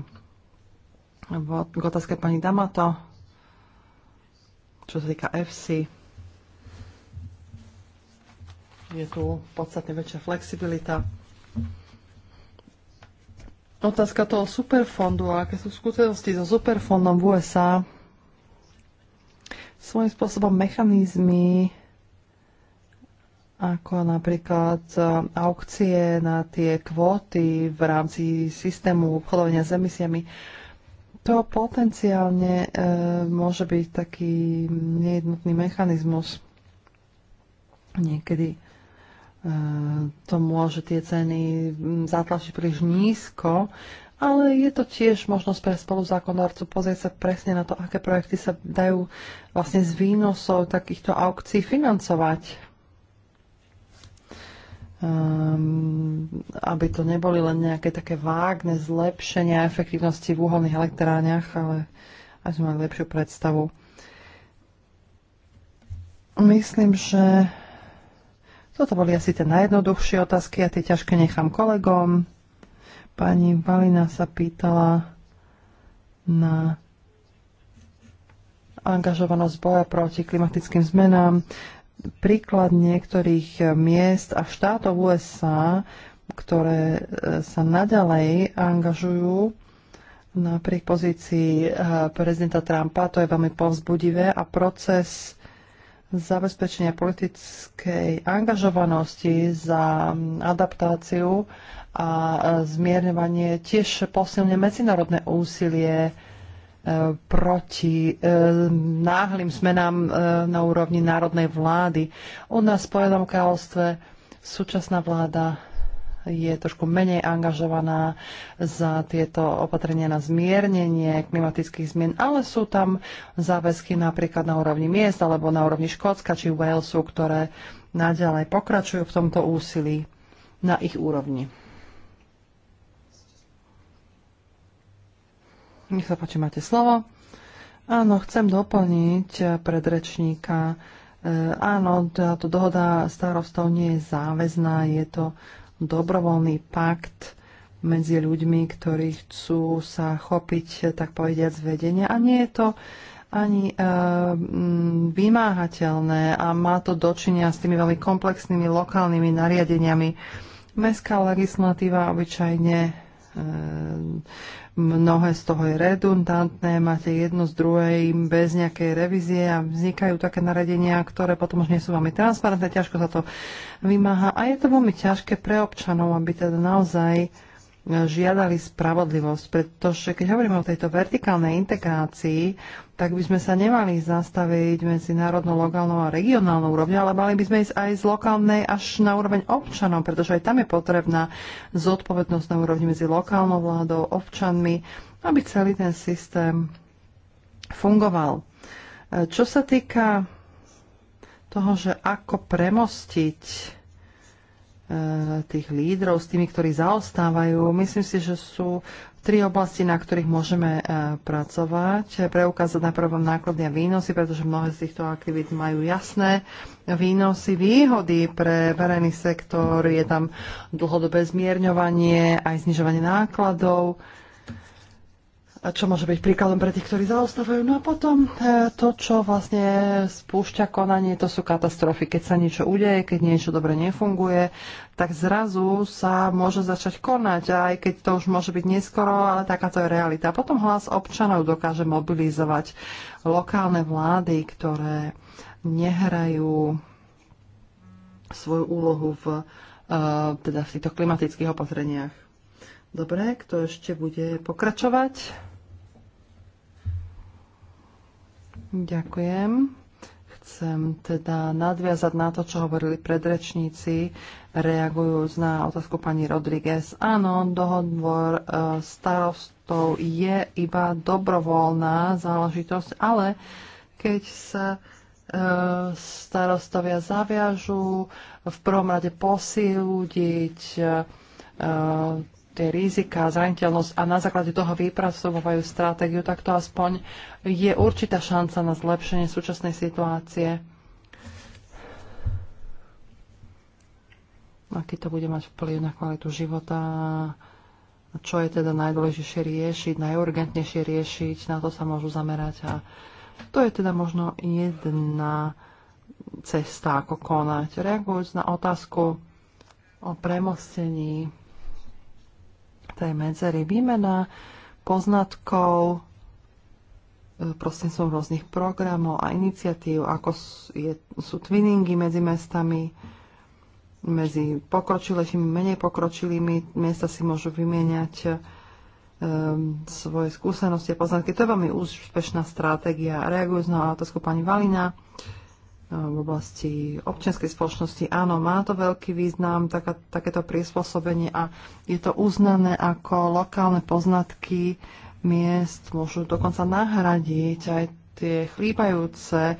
S2: k otázke pani Damato, čo sa týka FC, je tu podstatne väčšia flexibilita Otázka toho superfondu a aké sú skúsenosti so superfondom v USA. Svojím spôsobom mechanizmy ako napríklad e, aukcie na tie kvóty v rámci systému obchodovania s emisiami. To potenciálne e, môže byť taký nejednotný mechanizmus. Niekedy Eh, to môže tie ceny mm, zatlačiť príliš nízko, ale je to tiež možnosť pre spoluzákonodárcu pozrieť sa presne na to, aké projekty sa dajú vlastne z výnosov takýchto aukcií financovať. Um, aby to neboli len nejaké také vágne zlepšenia efektivnosti v uholných elektrárniach, ale aby sme mali lepšiu predstavu. Myslím, že toto boli asi tie najjednoduchšie otázky a tie ťažké nechám kolegom. Pani Valina sa pýtala na angažovanosť boja proti klimatickým zmenám. Príklad niektorých miest a štátov USA, ktoré e, sa naďalej angažujú napriek pozícii e, prezidenta Trumpa, to je veľmi povzbudivé a proces zabezpečenie politickej angažovanosti za mm, adaptáciu a e, zmierňovanie tiež posilne medzinárodné úsilie e, proti e, náhlým zmenám na úrovni národnej vlády. U nás v Spojenom kráľovstve súčasná vláda je trošku menej angažovaná za tieto opatrenia na zmiernenie klimatických zmien, ale sú tam záväzky napríklad na úrovni miest alebo na úrovni Škótska či Walesu, ktoré naďalej pokračujú v tomto úsilí na ich úrovni. Nech sa páči, máte slovo. Áno, chcem doplniť predrečníka. E, áno, táto dohoda starostov nie je záväzná, je to dobrovoľný pakt medzi ľuďmi, ktorí chcú sa chopiť, tak povediať, zvedenia. A nie je to ani e, vymáhateľné a má to dočinia s tými veľmi komplexnými lokálnymi nariadeniami. Mestská legislatíva obyčajne Ehm, mnohé z toho je redundantné, máte jedno z druhej bez nejakej revízie a vznikajú také naredenia, ktoré potom už nie sú veľmi transparentné, ťažko sa to vymáha a je to veľmi ťažké pre občanov, aby teda naozaj žiadali spravodlivosť, pretože keď hovoríme o tejto vertikálnej integrácii, tak by sme sa nemali zastaviť medzi národnou, lokálnou a regionálnou úrovňou, ale mali by sme ísť aj z lokálnej až na úroveň občanov, pretože aj tam je potrebná zodpovednosť na úrovni medzi lokálnou vládou, občanmi, aby celý ten systém fungoval. Čo sa týka toho, že ako premostiť Eh, tých lídrov s tými, ktorí zaostávajú. Myslím si, že sú tri oblasti, na ktorých môžeme eh, pracovať. Preukázať na prvom náklady a výnosy, pretože mnohé z týchto aktivít majú jasné výnosy, výhody pre verejný sektor. Je tam dlhodobé zmierňovanie, aj znižovanie nákladov čo môže byť príkladom pre tých, ktorí zaostávajú. No a potom e, to, čo vlastne spúšťa konanie, to sú katastrofy. Keď sa niečo udeje, keď niečo dobre nefunguje, tak zrazu sa môže začať konať, aj keď to už môže byť neskoro, ale takáto je realita. Potom hlas občanov dokáže mobilizovať lokálne vlády, ktoré nehrajú svoju úlohu v, e, teda v týchto klimatických opatreniach. Dobre, kto ešte bude pokračovať? Ďakujem. Chcem teda nadviazať na to, čo hovorili predrečníci, reagujúc na otázku pani Rodriguez. Áno, dohodvor e, starostov je iba dobrovoľná záležitosť, ale keď sa e, starostovia zaviažú v prvom rade posíľudiť e, tie rizika, zraniteľnosť a na základe toho vypracovajú stratégiu, tak to aspoň je určitá šanca na zlepšenie súčasnej situácie. Aký to bude mať vplyv na kvalitu života, čo je teda najdôležitejšie riešiť, najurgentnejšie riešiť, na to sa môžu zamerať a to je teda možno jedna cesta, ako konať. Reagujúc na otázku o premostení tej medzery výmena poznatkov e, prostredstvom rôznych programov a iniciatív, ako je, sú twinningy medzi mestami, medzi pokročilejšími, menej pokročilými. Miesta si môžu vymieňať um, svoje skúsenosti a poznatky. To je veľmi úspešná stratégia. Reagujú na otázku pani Valina. Uh, v oblasti občianskej spoločnosti. Áno, má to veľký význam, taká, takéto prispôsobenie a je to uznané ako lokálne poznatky miest, môžu dokonca nahradiť aj tie chlípajúce e,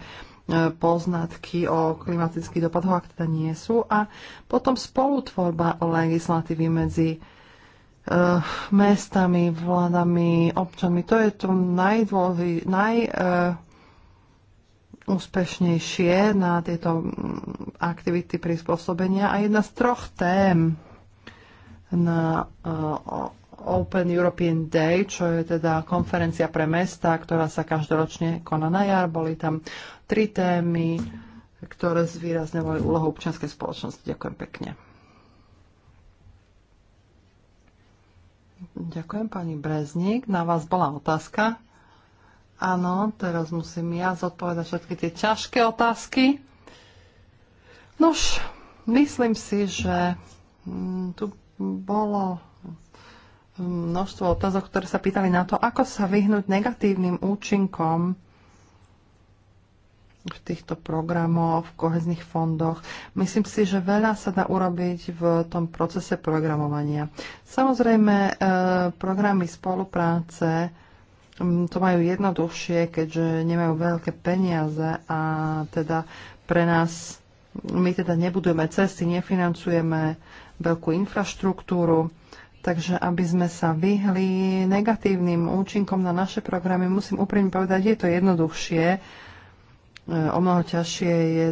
S2: poznatky o klimatických dopadoch, ak teda nie sú. A potom spolutvorba legislatívy medzi uh, mestami, vládami, občanmi. To je to najdôležitejšie, naj, uh, úspešnejšie na tieto mm, aktivity prispôsobenia. A jedna z troch tém na eh, Open European Day, čo je teda konferencia pre mesta, ktorá sa každoročne koná na jar. Boli tam tri témy, ktoré zvýrazňovali úlohu občianskej spoločnosti. Ďakujem pekne. Ďakujem pani Breznik. Na vás bola otázka. Áno, teraz musím ja zodpovedať všetky tie ťažké otázky. Nož, myslím si, že mm, tu bolo množstvo otázok, ktoré sa pýtali na to, ako sa vyhnúť negatívnym účinkom v týchto programoch, v kohezných fondoch. Myslím si, že veľa sa dá urobiť v tom procese programovania. Samozrejme, e, programy spolupráce Mm, to majú jednoduchšie, keďže nemajú veľké peniaze a teda pre nás my teda nebudujeme cesty, nefinancujeme veľkú infraštruktúru, takže aby sme sa vyhli negatívnym účinkom na naše programy, musím úprimne povedať, je to jednoduchšie, e, o mnoho ťažšie je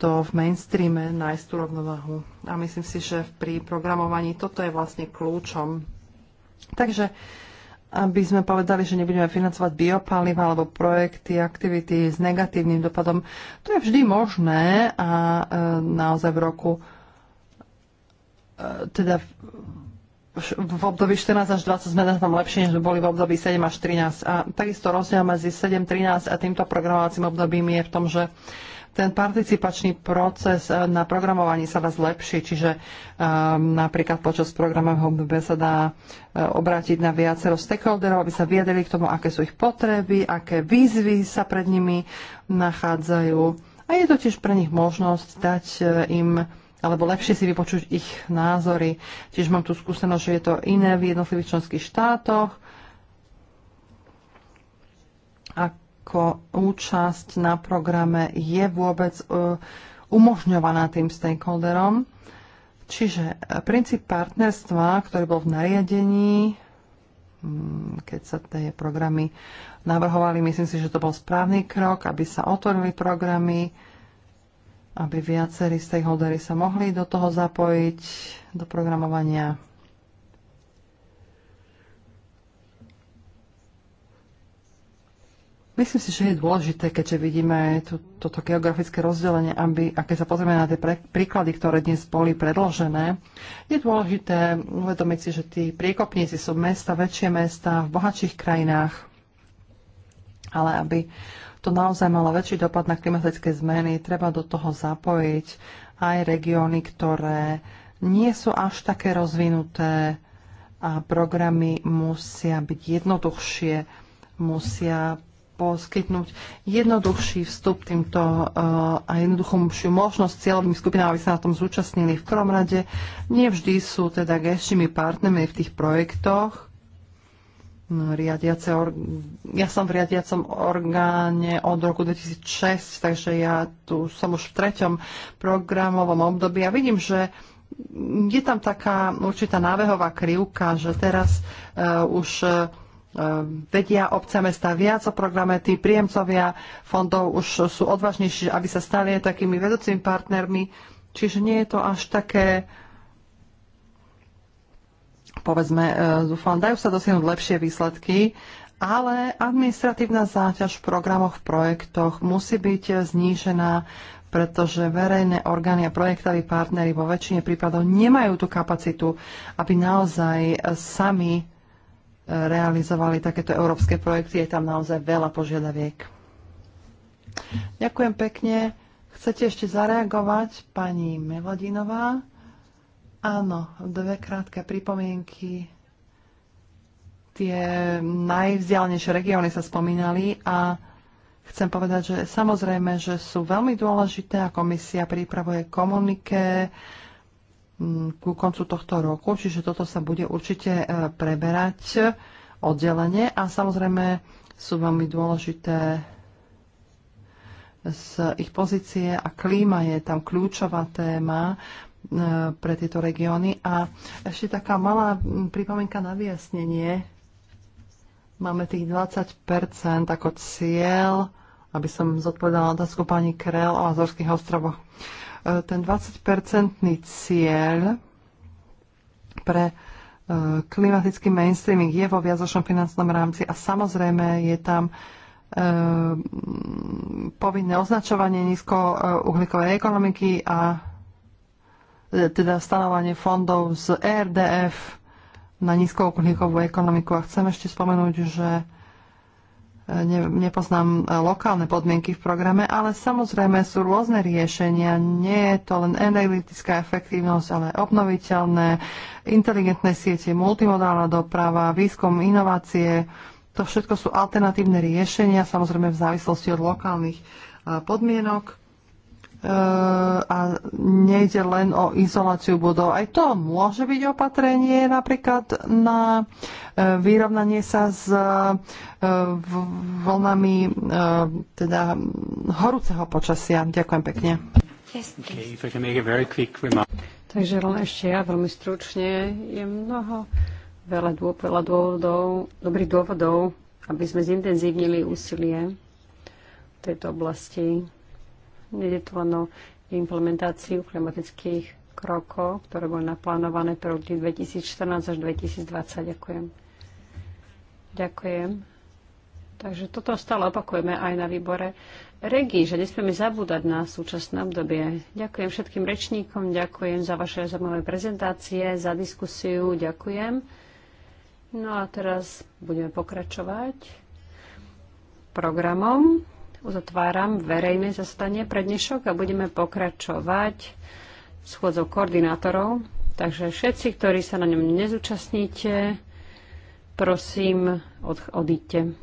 S2: to v mainstreame nájsť tú rovnováhu. A myslím si, že pri programovaní toto je vlastne kľúčom. Takže aby sme povedali, že nebudeme financovať biopaliva alebo projekty, aktivity s negatívnym dopadom. To je vždy možné a e, naozaj v roku e, teda v období 14 až 20 sme na tom lepšie, než boli v období 7 až 13. A takisto rozdiel medzi 7, 13 a týmto programovacím obdobím je v tom, že ten participačný proces eh, na programovaní sa dá zlepšiť, čiže um, napríklad počas programového obdobia sa dá uh, obrátiť na viacero stakeholderov, aby sa viedeli k tomu, aké sú ich potreby, aké výzvy sa pred nimi nachádzajú. A je to tiež pre nich možnosť dať uh, im alebo lepšie si vypočuť ich názory. Čiže mám tu skúsenosť, že je to iné v jednotlivých členských štátoch, ako účasť na programe je vôbec e, umožňovaná tým stakeholderom. Čiže e, princíp partnerstva, ktorý bol v nariadení, mm, keď sa tie programy navrhovali, myslím si, že to bol správny krok, aby sa otvorili programy, aby viacerí stakeholdery sa mohli do toho zapojiť, do programovania Myslím si, že je dôležité, keďže vidíme tu, toto geografické rozdelenie, aby, a keď sa pozrieme na tie pre, príklady, ktoré dnes boli predložené, je dôležité uvedomiť si, že tí priekopníci sú mesta, väčšie mesta v bohatších krajinách, ale aby to naozaj malo väčší dopad na klimatické zmeny, treba do toho zapojiť aj regióny, ktoré nie sú až také rozvinuté a programy musia byť jednoduchšie, musia poskytnúť jednoduchší vstup týmto eh, a jednoduchšiu možnosť cieľovým skupinám, aby sa na tom zúčastnili. V prvom rade nevždy sú teda gestnými partnermi v tých projektoch. No, riadiace ja som v riadiacom orgáne od roku 2006, takže ja tu som už v treťom programovom období a vidím, že je tam taká určitá návehová krivka, že teraz uh, už uh, Ehm, vedia obce mesta viac o programe, tí príjemcovia fondov už sú odvážnejší, aby sa stali takými vedúcimi partnermi, čiže nie je to až také povedzme, e, zúfam, dajú sa dosiahnuť lepšie výsledky, ale administratívna záťaž v programoch, v projektoch musí byť znížená, pretože verejné orgány a projektoví partnery vo väčšine prípadov nemajú tú kapacitu, aby naozaj sami realizovali takéto európske projekty. Je tam naozaj veľa požiadaviek. Ďakujem pekne. Chcete ešte zareagovať, pani Melodinová? Áno, dve krátke pripomienky. Tie najvzdialnejšie regióny sa spomínali a chcem povedať, že samozrejme, že sú veľmi dôležité a komisia pripravuje komuniké, Mm, ku koncu tohto roku, čiže toto sa bude určite e, preberať e, oddelenie a samozrejme sú veľmi dôležité z ich pozície a klíma je tam kľúčová téma e, pre tieto regióny. A ešte taká malá pripomienka na vyjasnenie. Máme tých 20% ako cieľ, aby som zodpovedala otázku pani krel o Azorských ostrovoch ten 20-percentný cieľ pre e, klimatický mainstreaming je vo viazočnom finančnom rámci a samozrejme je tam e, povinné označovanie nízkouhlíkovej ekonomiky a e, teda stanovanie fondov z RDF na nízkouhlíkovú ekonomiku. A chcem ešte spomenúť, že E, ne, nepoznám e, lokálne podmienky v programe, ale samozrejme sú rôzne riešenia. Nie je to len energetická efektívnosť, ale obnoviteľné, inteligentné siete, multimodálna doprava, výskum, inovácie. To všetko sú alternatívne riešenia, samozrejme v závislosti od lokálnych e, podmienok. Eh, a nejde len o izoláciu budov. Aj to môže byť opatrenie napríklad na eh, vyrovnanie sa s eh, vlnami teda horúceho počasia. Ďakujem pekne.
S1: Takže
S3: len ešte ja veľmi stručne. Je mnoho veľa dôvodov, dobrých dôvodov, aby sme zintenzívnili úsilie v tejto oblasti nedetovanú implementáciu klimatických krokov, ktoré boli naplánované pre roky 2014 až 2020. Ďakujem. Ďakujem. Takže toto stále opakujeme aj na výbore REGI, že nesmieme zabúdať na súčasné obdobie. Ďakujem všetkým rečníkom, ďakujem za vaše zaujímavé prezentácie, za diskusiu, ďakujem. No a teraz budeme pokračovať programom uzatváram verejné zastanie pre dnešok a budeme pokračovať schôdzou koordinátorov. Takže všetci, ktorí sa na ňom nezúčastníte, prosím, od, odíďte.